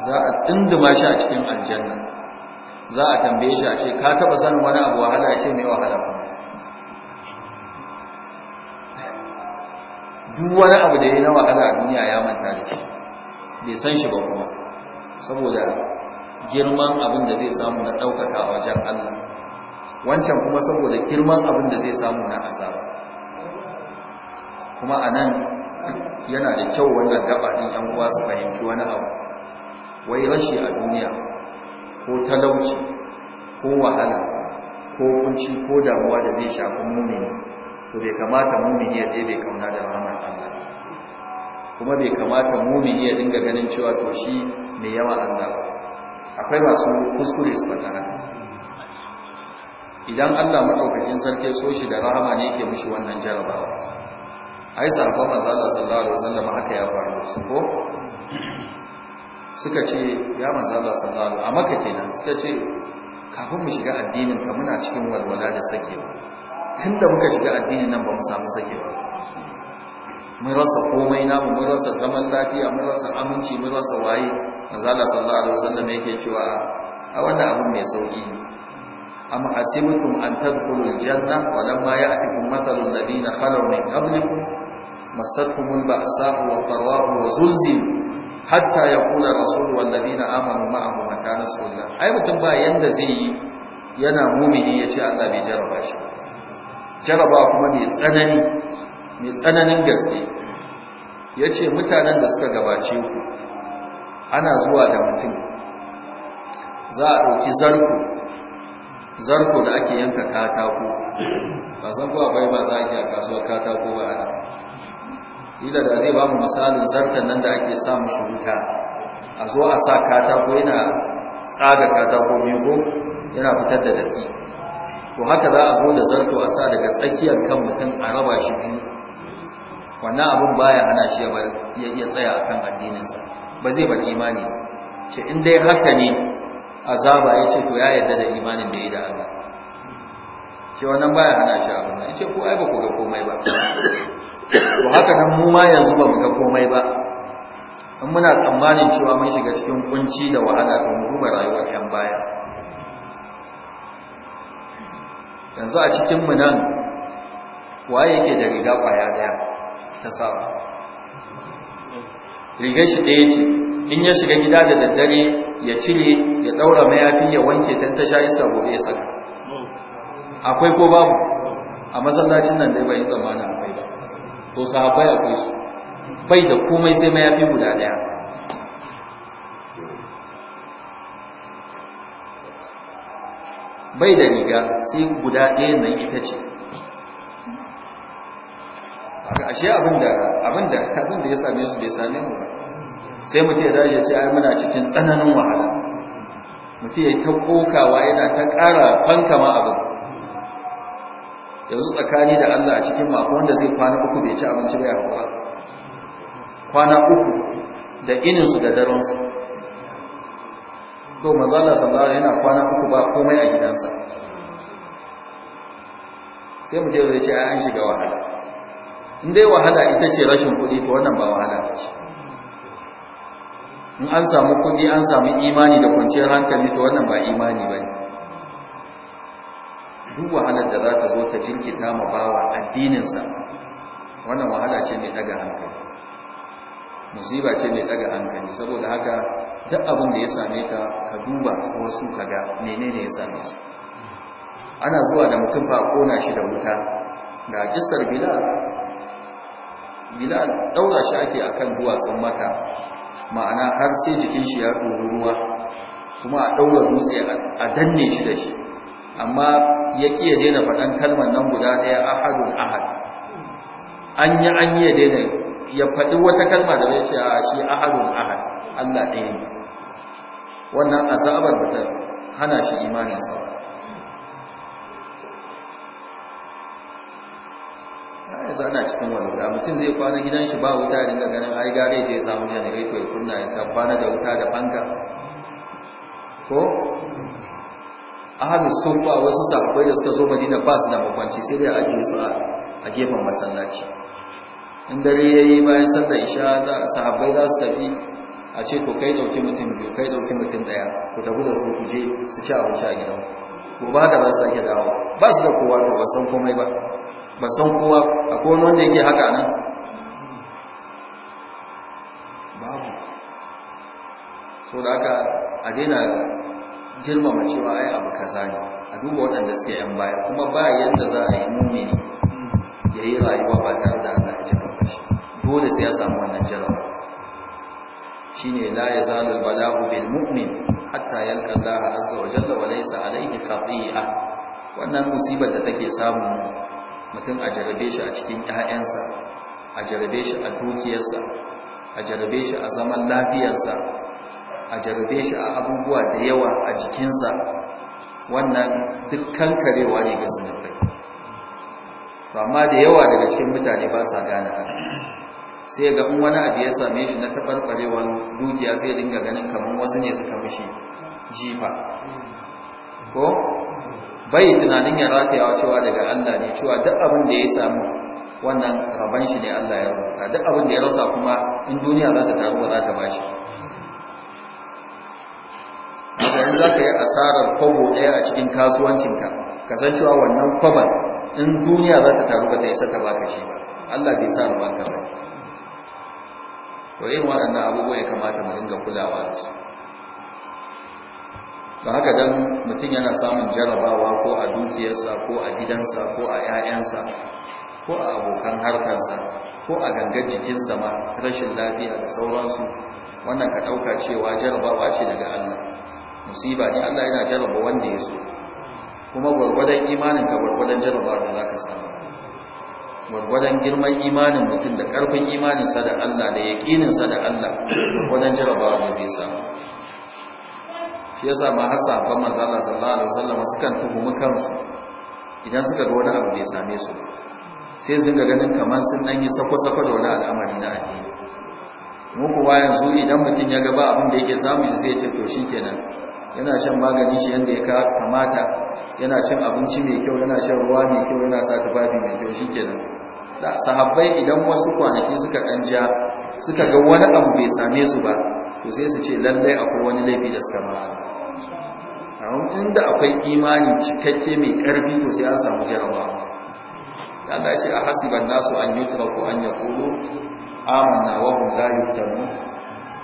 za a tsindima shi a cikin aljanna za a tambaye shi a ce ka taba sanin wani abu wahala ya ce mai wahala ba duk wani abu da ya na wahala a duniya ya manta da shi bai san shi ba kuma saboda girman abin da zai samu na ɗaukaka a wajen Allah wancan kuma saboda girman abin da zai samu na Asaba. kuma a nan yana da kyau wannan gaba ɗin ‘yan uwa su fahimci wani abu wai rashi a duniya ko talauci ko wahala ko kunci ko damuwa da zai shafi mumini to bai kamata mummi ya bai kauna da rahmar Allah kuma bai kamata mummi ya dinga ganin cewa to shi mai yawa Allah akwai masu kuskure su faɗa idan Allah madaukakin sarki so shi da rahama ne yake mishi wannan jarabawa ai sarfa manzo Allah sallallahu alaihi wasallam haka ya faru su ko suka ce ya manzo da sallallahu alaihi wasallam a Makka kenan suka ce kafin mu shiga addinin ka muna cikin walwala da tun da muka shiga addinin nan ba mu samu ba. mun rasa komai namu mun rasa zaman lafiya mun rasa aminci mun rasa waye manzo Allah sallallahu alaihi wasallam yake cewa a wannan abin mai sauki ne am asibtum an tadkhulul janna wa lamma ya'tikum mathalul ladina khalaw min qablikum massatuhumul ba'sa'u wa dharra'u wa zulzilu hatta ya kula rasulu wallazina amanu ma'ahu makana sulla ai mutum ba yanda zai yi yana mumini ya ce Allah bai jaraba shi jaraba kuma mai tsanani tsananin gaske ya ce mutanen da suka gabace ku ana zuwa da mutum za a ɗauki zarko zarko da ake yanka katako ba san ko akwai ba za a yi a kasuwar katako ba a nan ila da zai ba mu misalin zartan nan da ake sa mushi a zo a sa katako yana tsaga katako biyu ko yana fitar da datti ko haka za a zo da zarto a sa daga tsakiyar kan mutum a raba shi biyu wannan abin baya ana shi ya iya tsaya akan addininsa ba zai bar imani ce in dai haka ne azaba ya ce to ya yarda da imanin da ya da Allah ce wannan baya hana shi abin nan ce ko ai ba ku ga komai ba to haka nan mu ma yanzu ba mu ga komai ba in muna tsammanin cewa mun shiga cikin kunci da wahala to mu rayuwar yan baya yanzu a cikin mu nan waye yake da riga kwaya daya ta saba rigar shi ɗaya ce in ya shiga gida da daddare ya cire ya ɗaura mayafi ya wanke don ta sha iska gobe ya saka akwai ko babu a masallacin nan dai bai yi tsammanin akwai to sahabai akwai su bai da komai sai fi guda daya bai da riga sai guda daya nan ita ce ashe abinda abinda abinda ya same su bai same mu ba sai mutum ya daji ce ai muna cikin tsananin wahala mutum ya ta kokawa yana ta ƙara fanka ma abin yanzu tsakani da Allah a cikin mako wanda zai kwana uku bai ci abinci ba ya hawa kwana uku da ininsu da daransu to manzala sallallahu yana kwana uku ba komai a gidansa sai mu je zai ce an shiga wahala in dai wahala ita ce rashin kuɗi to wannan ba wahala ba ce in an samu kuɗi an samu imani da kwanciyar hankali to wannan ba imani ba ne duk wahalar da za ta zo ta jinkita ma bawa addininsa wannan wahala ce mai daga hankali musiba ce mai daga hankali saboda haka duk abin da ya same ka ka duba wasu ka ga menene ya same su ana zuwa da mutum ba kona shi da wuta ga kissar bilal bilal daura shi ake akan duwatsun mata, ma'ana har sai jikin shi ya ɗori ruwa kuma a ɗaura dutse a danne shi da shi amma ya ƙi ya daina faɗan kalmar nan guda ɗaya ahadun ahad an yi an yi ya daina ya faɗi wata kalma da bai ce a shi ahadun ahad Allah ɗaya ne wannan azabar ba ta hana shi imaninsa ya zana cikin walwala mutum zai kwana gidan shi ba wuta ya dinga ganin ai gare je ya samu janareto ya kunna ya tabbana kwana da wuta da banka ko ahlus sufa wasu sahabbai da suka zo madina ba su da makwanci sai dai ajiye su a gefen masallaci in dare yayi bayan sallar isha da sahabbai za su tafi a ce to kai dauki mutum biyu kai dauki mutum daya ku tafi da su ku je su ci abinci a gidan ku ba da ba su sake dawo ba su da kowa ba san komai ba ba san kowa akwai wani wanda yake haka nan babu so da aka a daina girmama cewa ai abu kaza ne a duba waɗanda suke yan baya kuma ba yadda za a yi mumini ya yi rayuwa ba tare da Allah ya ci shi dole sai ya samu wannan jarabawa shine la yazalu bala'u bil mu'min hatta yalqa Allah azza wa jalla wa laysa alayhi khati'a wannan musibar da take samu mutum a jarabe shi a cikin ƴaƴansa a jarabe shi a dukiyarsa a jarabe shi a zaman lafiyarsa a jarabe shi a abubuwa da yawa a jikinsa wannan dukkan karewa ne ga zunubai to amma da yawa daga cikin mutane ba sa gane haka sai ga in wani abu ya same shi na tabarbarewar dukiya sai dinga ganin kamar wasu ne suka mishi jifa ko bai tunanin ya rafiyawa cewa daga Allah ne cewa duk abin da ya samu wannan raban shi ne Allah ya rubuta duk abin da ya rasa kuma in duniya za ta taru ba za ta bashi haka za ka yi asarar kwabo ɗaya a cikin kasuwancinka kasancewa wannan kwaban in duniya za ta taru ba ta yi ta baka shi ba Allah bai sa ruwan ka ba to yin waɗannan abubuwa ya kamata mu dinga kulawa da su to haka dan mutum yana samun jarabawa ko a dukiyarsa ko a gidansa ko a 'ya'yansa ko a abokan harkarsa ko a gangar jikinsa ma rashin lafiya da sauransu wannan ka ɗauka cewa jarabawa ce daga Allah musiba ne Allah yana jarraba wanda ya so kuma gwargwadon imanin ka gwargwadon jarraba da ka samu gwargwadon girman imanin mutum da karfin imanin sa da Allah da yaqinin sa da Allah gwargwadon jarraba da zai samu shi yasa ma hasa sahabban manzo Allah sallallahu alaihi wasallam sukan tuhumi kansu idan suka ga wani abu da ya same su sai sun ga ganin kamar sun dan yi sako-sako da wani al'amari na addini mu kuwa yanzu idan mutum ya gaba abin da yake samu shi sai ya ce to shikenan yana shan magani shi yadda ya kamata yana cin abinci mai kyau yana shan ruwa mai kyau yana sa tufafi mai kyau shikenan da sahabbai idan wasu kwanaki suka dan ja suka ga wani abu bai same su ba to sai su ce lallai akwai wani laifi da suka mara amma inda akwai imani cikakke mai karfi to sai an samu jarabawa Allah ya ce a hasiban nasu an ko an yaqulu amanna wa hum la yuftanun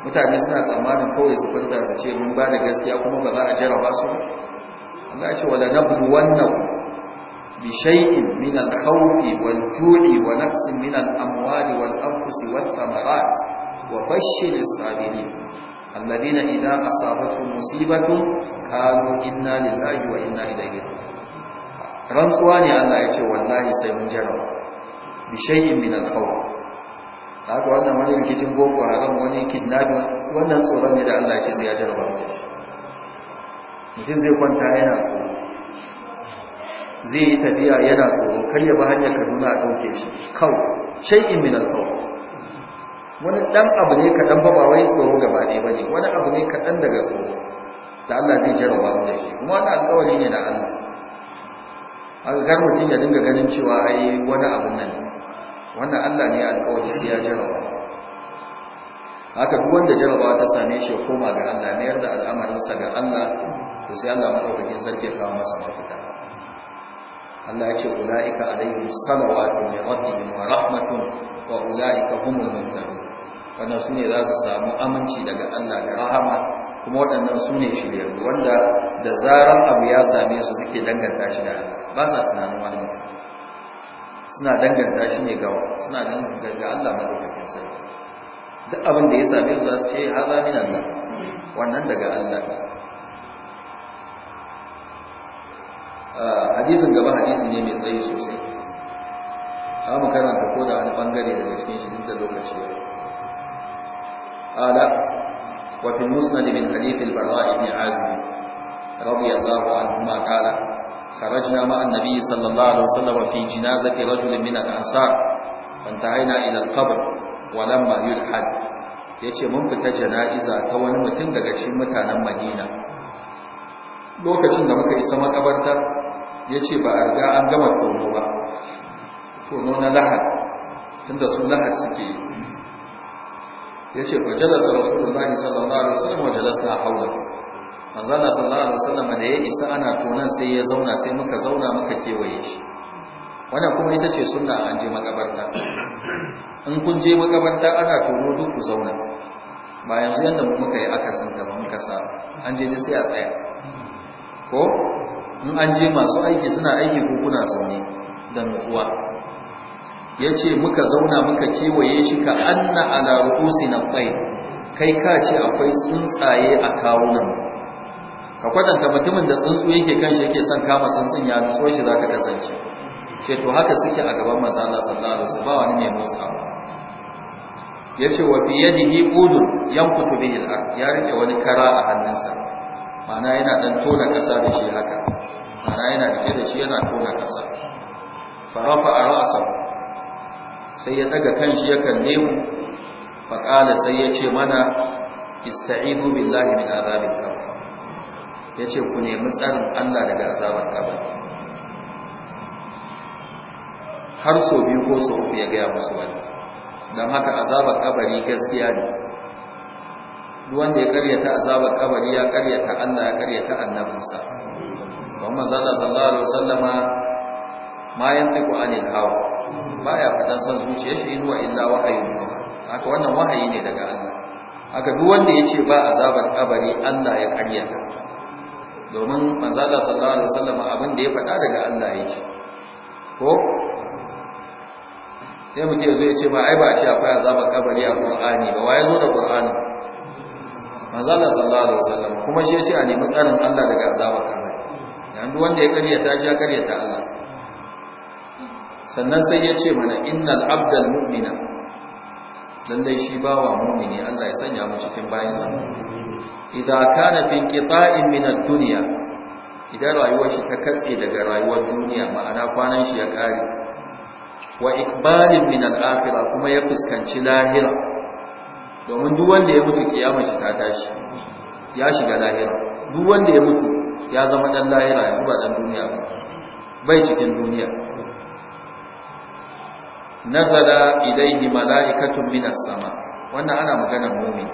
mutane suna tsammanin kawai su farka su ce mun ba da gaskiya kuma ba za a jaraba su ba Allah ya ce wala nabluwannahu bi shay'in min al-khawfi wal-ju'i wa naqsin min al-amwali wal-anfusi wath-thamarat wa bashshir as-sabirin alladhina idha asabatuhum musibatun qalu inna lillahi wa inna ilayhi raji'un rantsuwa ne Allah ya ce wallahi sai mun jaraba bi shay'in min al-khawf haka wannan wani rikicin boko haram wani kidnapping wannan tsoron ne da Allah ya ce zai ya jarraba shi mutum zai kwanta yana tsoro zai yi tafiya yana tsoro kar ya ba hanyar Kaduna a dauke shi kau shay'in min al-khawf wani dan abu ne kaɗan ba ba wai tsoro gaba ne bane wani abu ne kaɗan daga tsoro da Allah zai jarraba da shi kuma wannan alƙawari ne na Allah a ga mutum ya dinga ganin cewa ai wani abu nan wannan Allah ne alƙawari sai ya jarraba haka duk wanda jarrabawa ta same shi ya ga Allah ne yarda al'amarin sa ga Allah to sai Allah madaukakin sarki ya kawo masa mafita Allah ya ce ulaika alaihim salawatu min rabbihim wa rahmatun wa ulaika humul muhtadun wannan sune za su samu aminci daga Allah da rahama kuma waɗannan su ne shiryayyu wanda da zarar abu ya same su suke danganta shi da Allah ba sa tunanin wani mutum suna danganta shi ne gawa suna danganta ga Allah madaukakin sarki duk abin da ya same su za su ce haza min Allah wannan daga Allah ne ah, hadisin gaba hadisi ne mai tsayi sosai za mu karanta ko da wani bangare daga cikin shi duk da lokaci ya ala wa fi musnad min hadith al-bara' ibn azib رضي anhu ma qala خرجنا مع النبي صلى الله عليه وسلم في جنازة رجل من الأنصار فانتهينا إلى القبر ولما يلحد yace mun fita jana'iza ta wani mutum daga cikin mutanen Madina lokacin da muka isa makabarta yace ba a riga an gama tono ba tono na lahad tunda su lahad suke yace fa jalasa rasulullahi sallallahu alaihi wasallam wa jalasna hawla manzana sallallahu alaihi wasallam da ya isa ana tonan sai ya zauna sai muka zauna muka kewaye shi wannan kuma ita ce sunna an je makabarta in kun je makabarta ana tono duk ku zauna ba yanzu yanda muka yi akasin ta ba muka sa an je sai a tsaya ko in an je masu aiki suna aiki ko kuna zaune da nutsuwa yace muka zauna muka kewaye shi ka anna ala ru'usina tayr kai ka ce akwai tsuntsaye a kawunan mu ka kwatanta mutumin da tsuntsu yake kan shi yake son kama tsuntsun ya so shi zaka kasance ce to haka suke a gaban manzo Allah sallallahu alaihi wasallam ba wani ne motsa ba yace wa bi yadihi udun yanqutu bihi al-ard ya rike wani kara a hannunsa ma'ana yana dan tona kasa da shi haka ma'ana yana rike da shi yana tona kasa rafa ra'sahu sai ya daga kan shi ya kalle mu qala sai ya ce mana ista'inu billahi min azabil qabr ya ce ku nemi tsarin Allah daga azabar kabar har so biyu ko so uku ya gaya musu wani don haka azabar kabari gaskiya ne wanda ya karyata azabar kabari ya karyata Allah ya karyata annabinsa don mazala sallallahu alaihi wasallama ma yantiku anil hawa baya fadan san zuciyar shi in wa illa wahayin haka wannan wahayi ne daga Allah haka duk wanda yace ba azabar kabari Allah ya karyata domin manzala sallallahu alaihi wasallam abin da ya faɗa daga Allah yake ko sai mu ce zo ya ce ba ai ba a ce akwai azabar kabari a Qur'ani ba wa ya zo da Qur'ani manzala sallallahu alaihi wasallam kuma shi ya ce a nemi tsarin Allah daga azabar kabari duk wanda ya ta shi ya ta Allah sannan sai ya ce mana innal abdal mu'mina lallai shi bawa mu'mini Allah ya sanya mu cikin bayansa idan kana bin qita'in min ad-dunya idan rayuwar shi ta katse daga rayuwar duniya ma'ana kwanan shi ya kare wa ikbalin min al-akhirah kuma ya fuskanci lahira domin duk wanda ya mutu kiyamar shi ta tashi ya shiga lahira duk wanda ya mutu ya zama dan lahira ya zuba dan duniya bai cikin duniya nazara mala'ikatu mala'ikatun as sama wannan ana magana mumin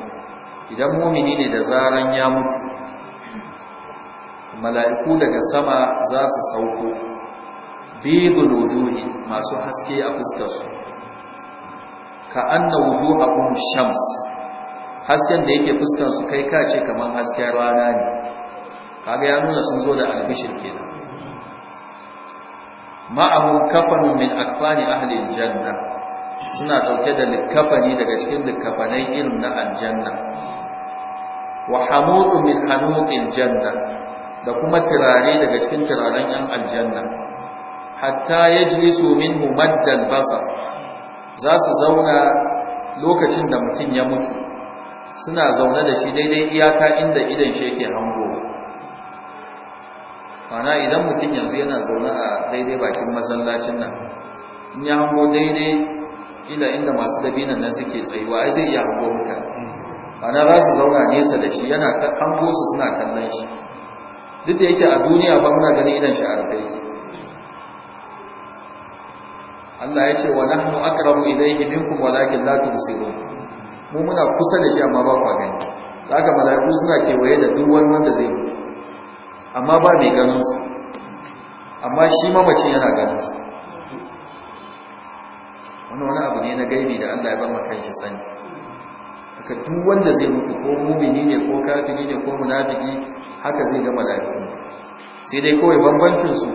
idan mumini ne da zaran ya mutu mala'iku daga sama za su sauko bidul wujuhi masu haske a fuskar su ka anna wujuhahum shams hasken da yake fuskar su kai ka ce kaman hasken rana ne kaga ya nuna sun zo da albishir kenan ma'ahu kafanun min akfani ahli aljanna suna dauke da likafani daga cikin likafanai irin na aljanna wa hamudu min hamudil janna da kuma tirare daga cikin tiraren yan aljanna hatta yajlisu minhu maddal basar za su zauna lokacin da mutum ya mutu suna zaune da shi daidai iyaka inda idan shi yake hango mana idan mutum yanzu yana zaune a daidai bakin masallacin nan in ya hango daidai kila inda masu dabinan nan suke tsayuwa ai zai iya hango muka ana za su zauna nesa da shi yana hango su suna kallon shi duk da yake a duniya ba muna ganin idan shi a rufe Allah ya ce wa nahnu akramu ilayhi minkum walakin la tubsirun mu muna kusa da shi amma ba ku gani zaka malaiku suna kewaye da duk wani wanda zai mutu amma ba mai ganin su amma shi mamacin yana ganin su wani wani abu ne na gaibi da Allah ya bar maka shi sani haka duk wanda zai mutu ko mumini ne ko kafiri ne ko munafiki haka zai gama mala'iku sai dai kawai bambancin su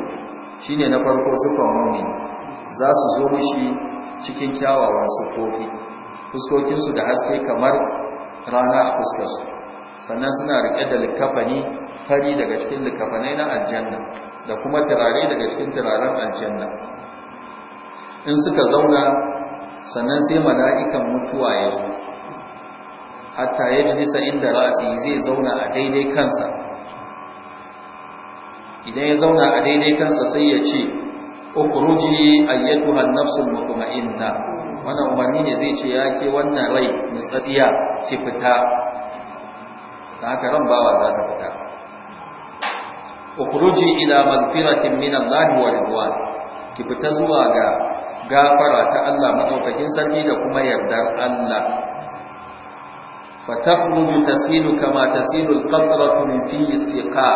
shine na farko sufan mumini za su zo mishi cikin kyawawan sufofi fuskokin su da haske kamar rana a fuskar su sannan suna rike da likafani fari daga cikin likafanai na aljanna da kuma turare daga cikin turaren aljanna in suka zauna sannan sai mala'ikan mutuwa ya zo hatta ya nisa inda rasi zai zauna a daidai kansa idan ya zauna a daidai kansa sai ya ce ukuruji ayyatu hannafsul mutuma'inna wannan umarni ne zai ce ya ke wannan rai nutsatsiya ki fita ta haka ran za ta fita ukuruji ila magfiratin min Allah wa ki fita zuwa ga gafara ta Allah maɗaukakin sarki da kuma yardar Allah fatakhruju tasilu kama tasilu alqatratu min fi istiqa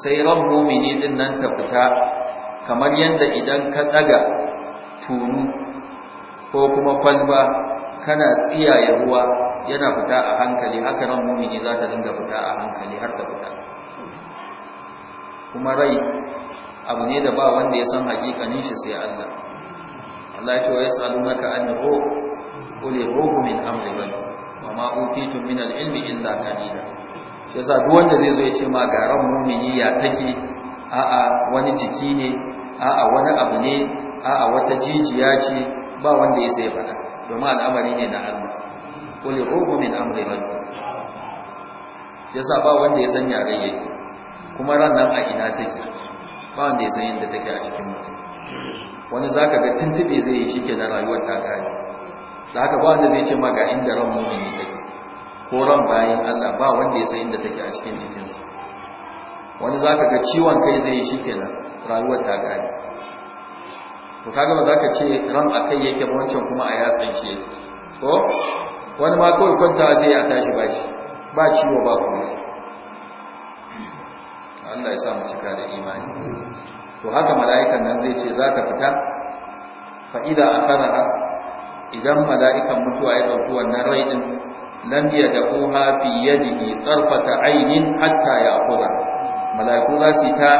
sai ran mu'mini din nan ta fita kamar yanda idan ka daga tunu ko kuma kwalba kana tsiyaye ruwa yana fita a hankali haka ran mu'mini za ta dinga fita a hankali har ta fita kuma rai abu ne da ba wanda ya san hakikanin shi sai Allah Allah ya ce wa yas'alunaka an ruh qul ruhu min amri rabbi wa ma utitu min al-ilmi illa qalila shi yasa duk wanda zai zo ya ce ma garan mumini ya take a'a wani jiki ne a'a wani abu ne a'a wata jijiya ce ba wanda ya sai fada domin al'amari ne na Allah qul ruhu min amri rabbi yasa ba wanda ya san yare yake kuma ran nan a ina take ba wanda ya san yadda take a cikin mutum wani za ka ga tuntube zai yi shi ke na rayuwar ta kare da haka ba wanda zai ce maga inda ran mumini take ko ran bayan Allah ba wanda ya sai inda take a cikin jikinsu wani za ka ga ciwon kai zai yi shi ke nan rayuwar ta kare to kaga ba za ka ce ran a kai yake wancan kuma a yatsan shi yake ko wani ma kawai kwanta zai a tashi ba shi ba ciwo ba kuma Allah ya sa mu cika da imani to haka mala'ikan nan zai ce za ka fita fa'ida a karaha idan mala'ikan mutuwa ya ɗauki wannan rai ɗin lam ya da ƙuha fi yadihi tarfata ainihin hatta ya kuda mala'iku za su ta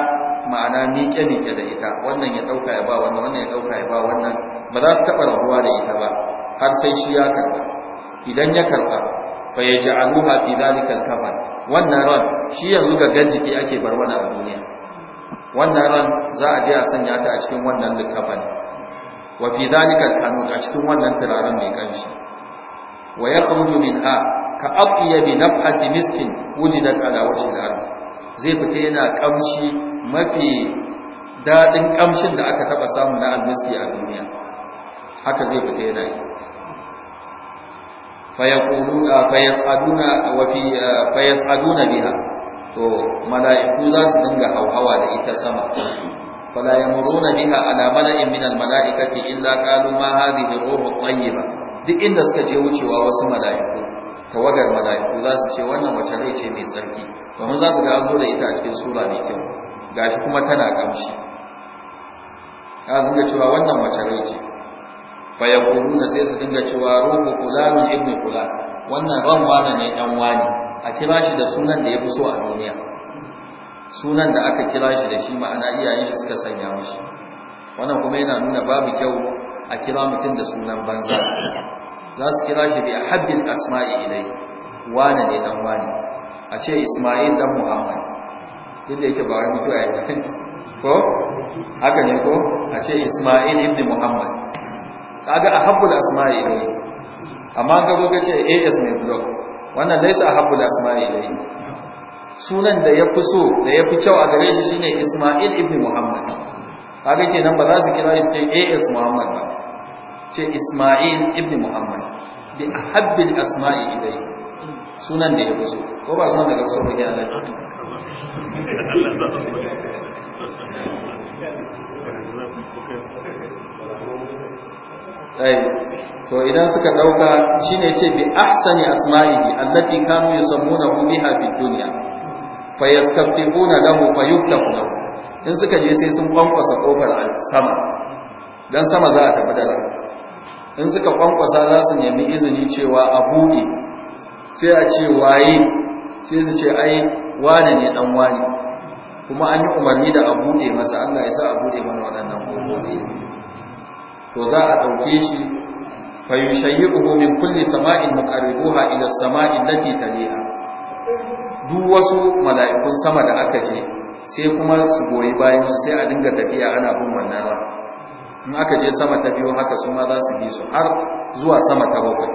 ma'ana miƙe-miƙe da ita wannan ya ɗauka ya ba wannan wannan ya ɗauka ya ba wannan ba za su taɓa rabuwa da ita ba har sai shi ya karɓa idan ya karɓa fa ya ji aluha fi zalikal kafan wannan ran shi yanzu ga gajiki ake bar wani a duniya wannan ran za a je a sanya ta a cikin wannan likafan wa fi dalika al a cikin wannan turaren mai kanshi wa yakhruju minha ka bi nafhati miskin wujidat ala wajhi al-ard zai fita yana kamshi mafi dadin kamshin da aka taba samu na al-miski a duniya haka zai fita yana yi fa yas'aduna wa fi yas'aduna biha to mala'iku za su dinga hauhawa da ita sama fala yamuruna biha ala mala'in min al mala'ikati illa qalu ma hadhihi ruhu tayyiba duk inda suka je wucewa wasu mala'iku tawagar mala'iku za su ce wannan wace rai ce mai tsarki domin za su ga an zo da ita a cikin sura mai kyau gashi kuma tana kamshi ka zunga cewa wannan wace rai ce fa yaquluna sai su dinga cewa ruhu fulanun ibnu fulan wannan ran wani ne dan wani a kira shi da sunan da ya fi so a duniya sunan da aka kira shi da shi ma'ana iyayen shi suka sanya mashi wannan kuma yana nuna babu kyau a kira mutum da sunan banza za su kira shi bi habbil asma'i ilai wane ne dan wane a ce isma'il dan muhammad inda yake ba wani mutuwa ya ko haka ne ko a ce isma'il ibn muhammad kaga ahabbul asma'i ilai amma ga gogace ce as mai blog wannan laisa ahabbul asma'i ilayhi sunan da ya fi so da ya fi kyau a gare shi shine Isma'il ibn Muhammad kaga kenan ba za su kira shi sai AS Muhammad ba ce Isma'il ibn Muhammad bi ahabbil asma'i ilayhi sunan da ya fi so ko ba sunan fi so ba kenan Allah *laughs* to idan suka dauka shine yace bi ahsani asma'ihi allati kanu yusammunahu biha fi dunya yastabiquna lahu fayuftahu lahu in suka je sai sun kwankwasa kofar sama dan sama za a tafi da lahu in suka kwankwasa za su nemi izini cewa a buɗe sai a ce waye sai su ce ai wane ne dan wane kuma an yi umarni da a buɗe masa Allah ya sa a buɗe mana waɗannan kofofi to za a ɗauke shi fayushayyi'uhu min kulli sama'in muqarribuha ila sama'in samai taliha duk wasu mala'ikun sama da aka je sai kuma su goyi bayan su sai a dinga tafiya ana bin wannan ra in aka je sama ta biyo haka su ma za su bi su har zuwa sama ta bakwai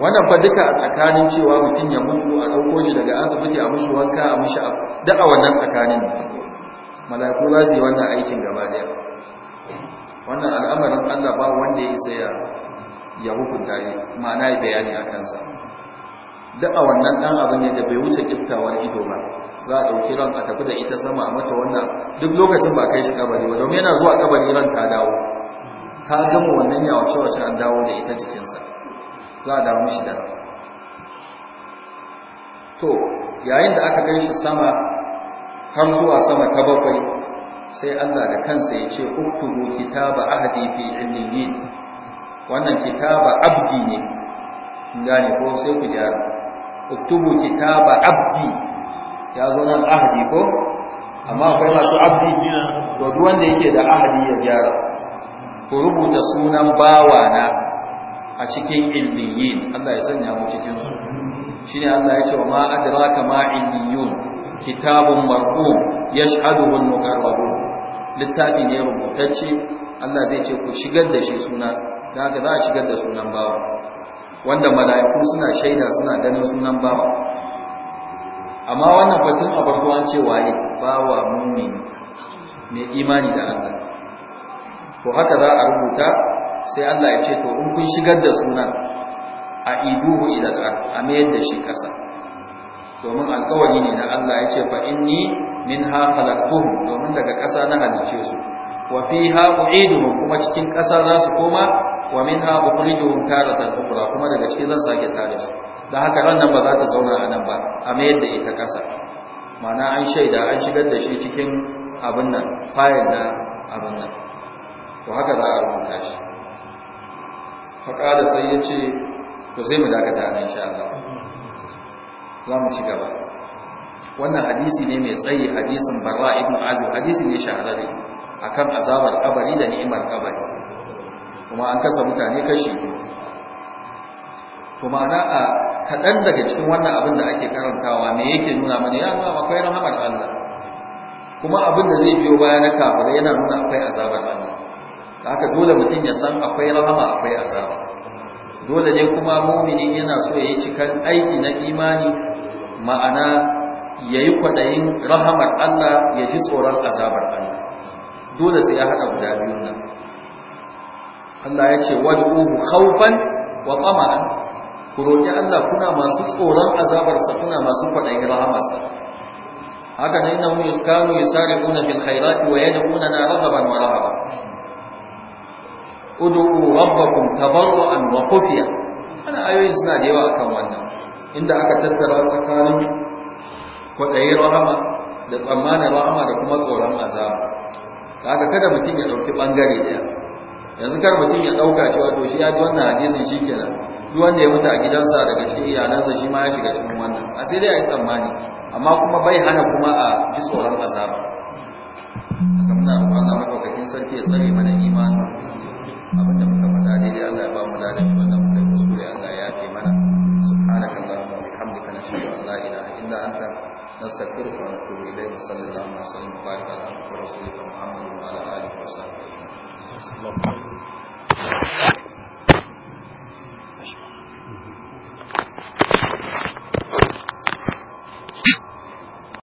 wannan fa duka a tsakanin cewa mutum ya mutu a ɗauko shi daga asibiti a mushi wanka a mushi abu duk a wannan tsakanin mala'iku za su yi wannan aikin gaba daya wannan al'amarin Allah ba wanda ya isa ya hukunta ya ma'ana ya bayani a kansa duk a wannan ɗan abin ne da bai wuce kiftawar ido ba za a ɗauki ran a tafi da ita sama a mata wannan duk lokacin ba kai shi kabari ba domin yana zuwa kabari ran ta dawo ta gama wannan yawace wace an dawo da ita jikinsa za a dawo mishi da to yayin da aka kai shi sama har zuwa sama ta bakwai sai Allah da kansa ya ce uktubu kitaba ahdi fi illiyin wannan kitaba abdi ne gane ko sai ku jira uktubu kitaba abdi ya zo nan ahdi ko amma akwai masu abdi to duk wanda yake da ahdi ya gyara ku rubuta sunan bawana a cikin illiyin Allah ya sanya mu cikin su shine Allah ya ce wa ma adraka ma illiyun kitabun marqum yashhaduhu al-muqarrabun littafi ne rubutacce Allah zai ce ku shigar da shi suna daga za a shigar da sunan bawa wanda mala'iku suna shaida suna ganin sunan bawa amma wannan batun a farko an ce waye bawa mumini ne imani da Allah Ko haka za a rubuta sai Allah ya ce to in kun shigar da sunan a iduhu ila a mayar da shi ƙasa domin alkawari ne na Allah ya ce fa inni minha khalaqtuhum domin daga ƙasa na halice su wa fiha u'iduhum kuma cikin ƙasa za su koma wa minha ukhrijuhum taratan ukhra kuma daga cikin zan sake tare su dan haka ran nan ba za ta zauna a nan ba a mayar da ita ƙasa ma'ana an shaida an shigar da shi cikin abin nan fayil na abin nan to haka za a rubuta shi faƙada sai ya ce to sai mu dakata nan insha Allah za mu ci gaba wannan hadisi ne mai tsayi hadisin barra ibn azib hadisi ne shahararre akan azabar kabari da ni'imar kabari kuma an kasa mutane kashi Kuma ma'ana a kaɗan daga cikin wannan abin da ake karantawa me yake nuna mana ya nuna akwai rahamar Allah kuma abin da zai biyo baya na kafir yana nuna akwai azabar Allah da haka dole mutum ya san akwai rahama akwai azaba dole ne kuma mumini yana so ya yi cikan aiki na imani ma'ana ya yi kwaɗayin rahamar Allah ya ji tsoron azabar Allah dole sai ya haɗa guda biyun nan Allah ya ce wani wad'uhu khawfan wa tama'an ku roƙi Allah kuna masu tsoron azabarsa kuna masu kwaɗayin rahamarsa haka na nan nan yuskanu yusariquna bil khairati wa na raghaban wa rahaba ud'u rabbakum tabarruan wa khufiya ana ayoyi suna da yawa akan wannan inda aka tattara tsakanin kwaɗayi rahama da tsammanin rahama da kuma tsoron azaba haka kada mutum ya ɗauki ɓangare ɗaya yanzu kar mutum ya ɗauka cewa to shi ya ji wannan hadisin shi kenan duk wanda ya mutu a gidansa daga cikin iyalansa shi ma ya shiga cikin wannan a sai dai a yi tsammani amma kuma bai hana kuma a ji tsoron azaba haka muna roƙon Allah maɗaukakin sarki ya tsare mana imanin abin da muka faɗa daidai Allah ya ba mu ladan wannan muka yi kuskure Allah ya yafe mana subhanakallahumma wa bihamdika nashhadu an la ilaha illa anta نستغفرك ونتوب إليه وصلى الله وسلم وبارك على عبدك ورسولك محمد وعلى آله وصحبه أجمعين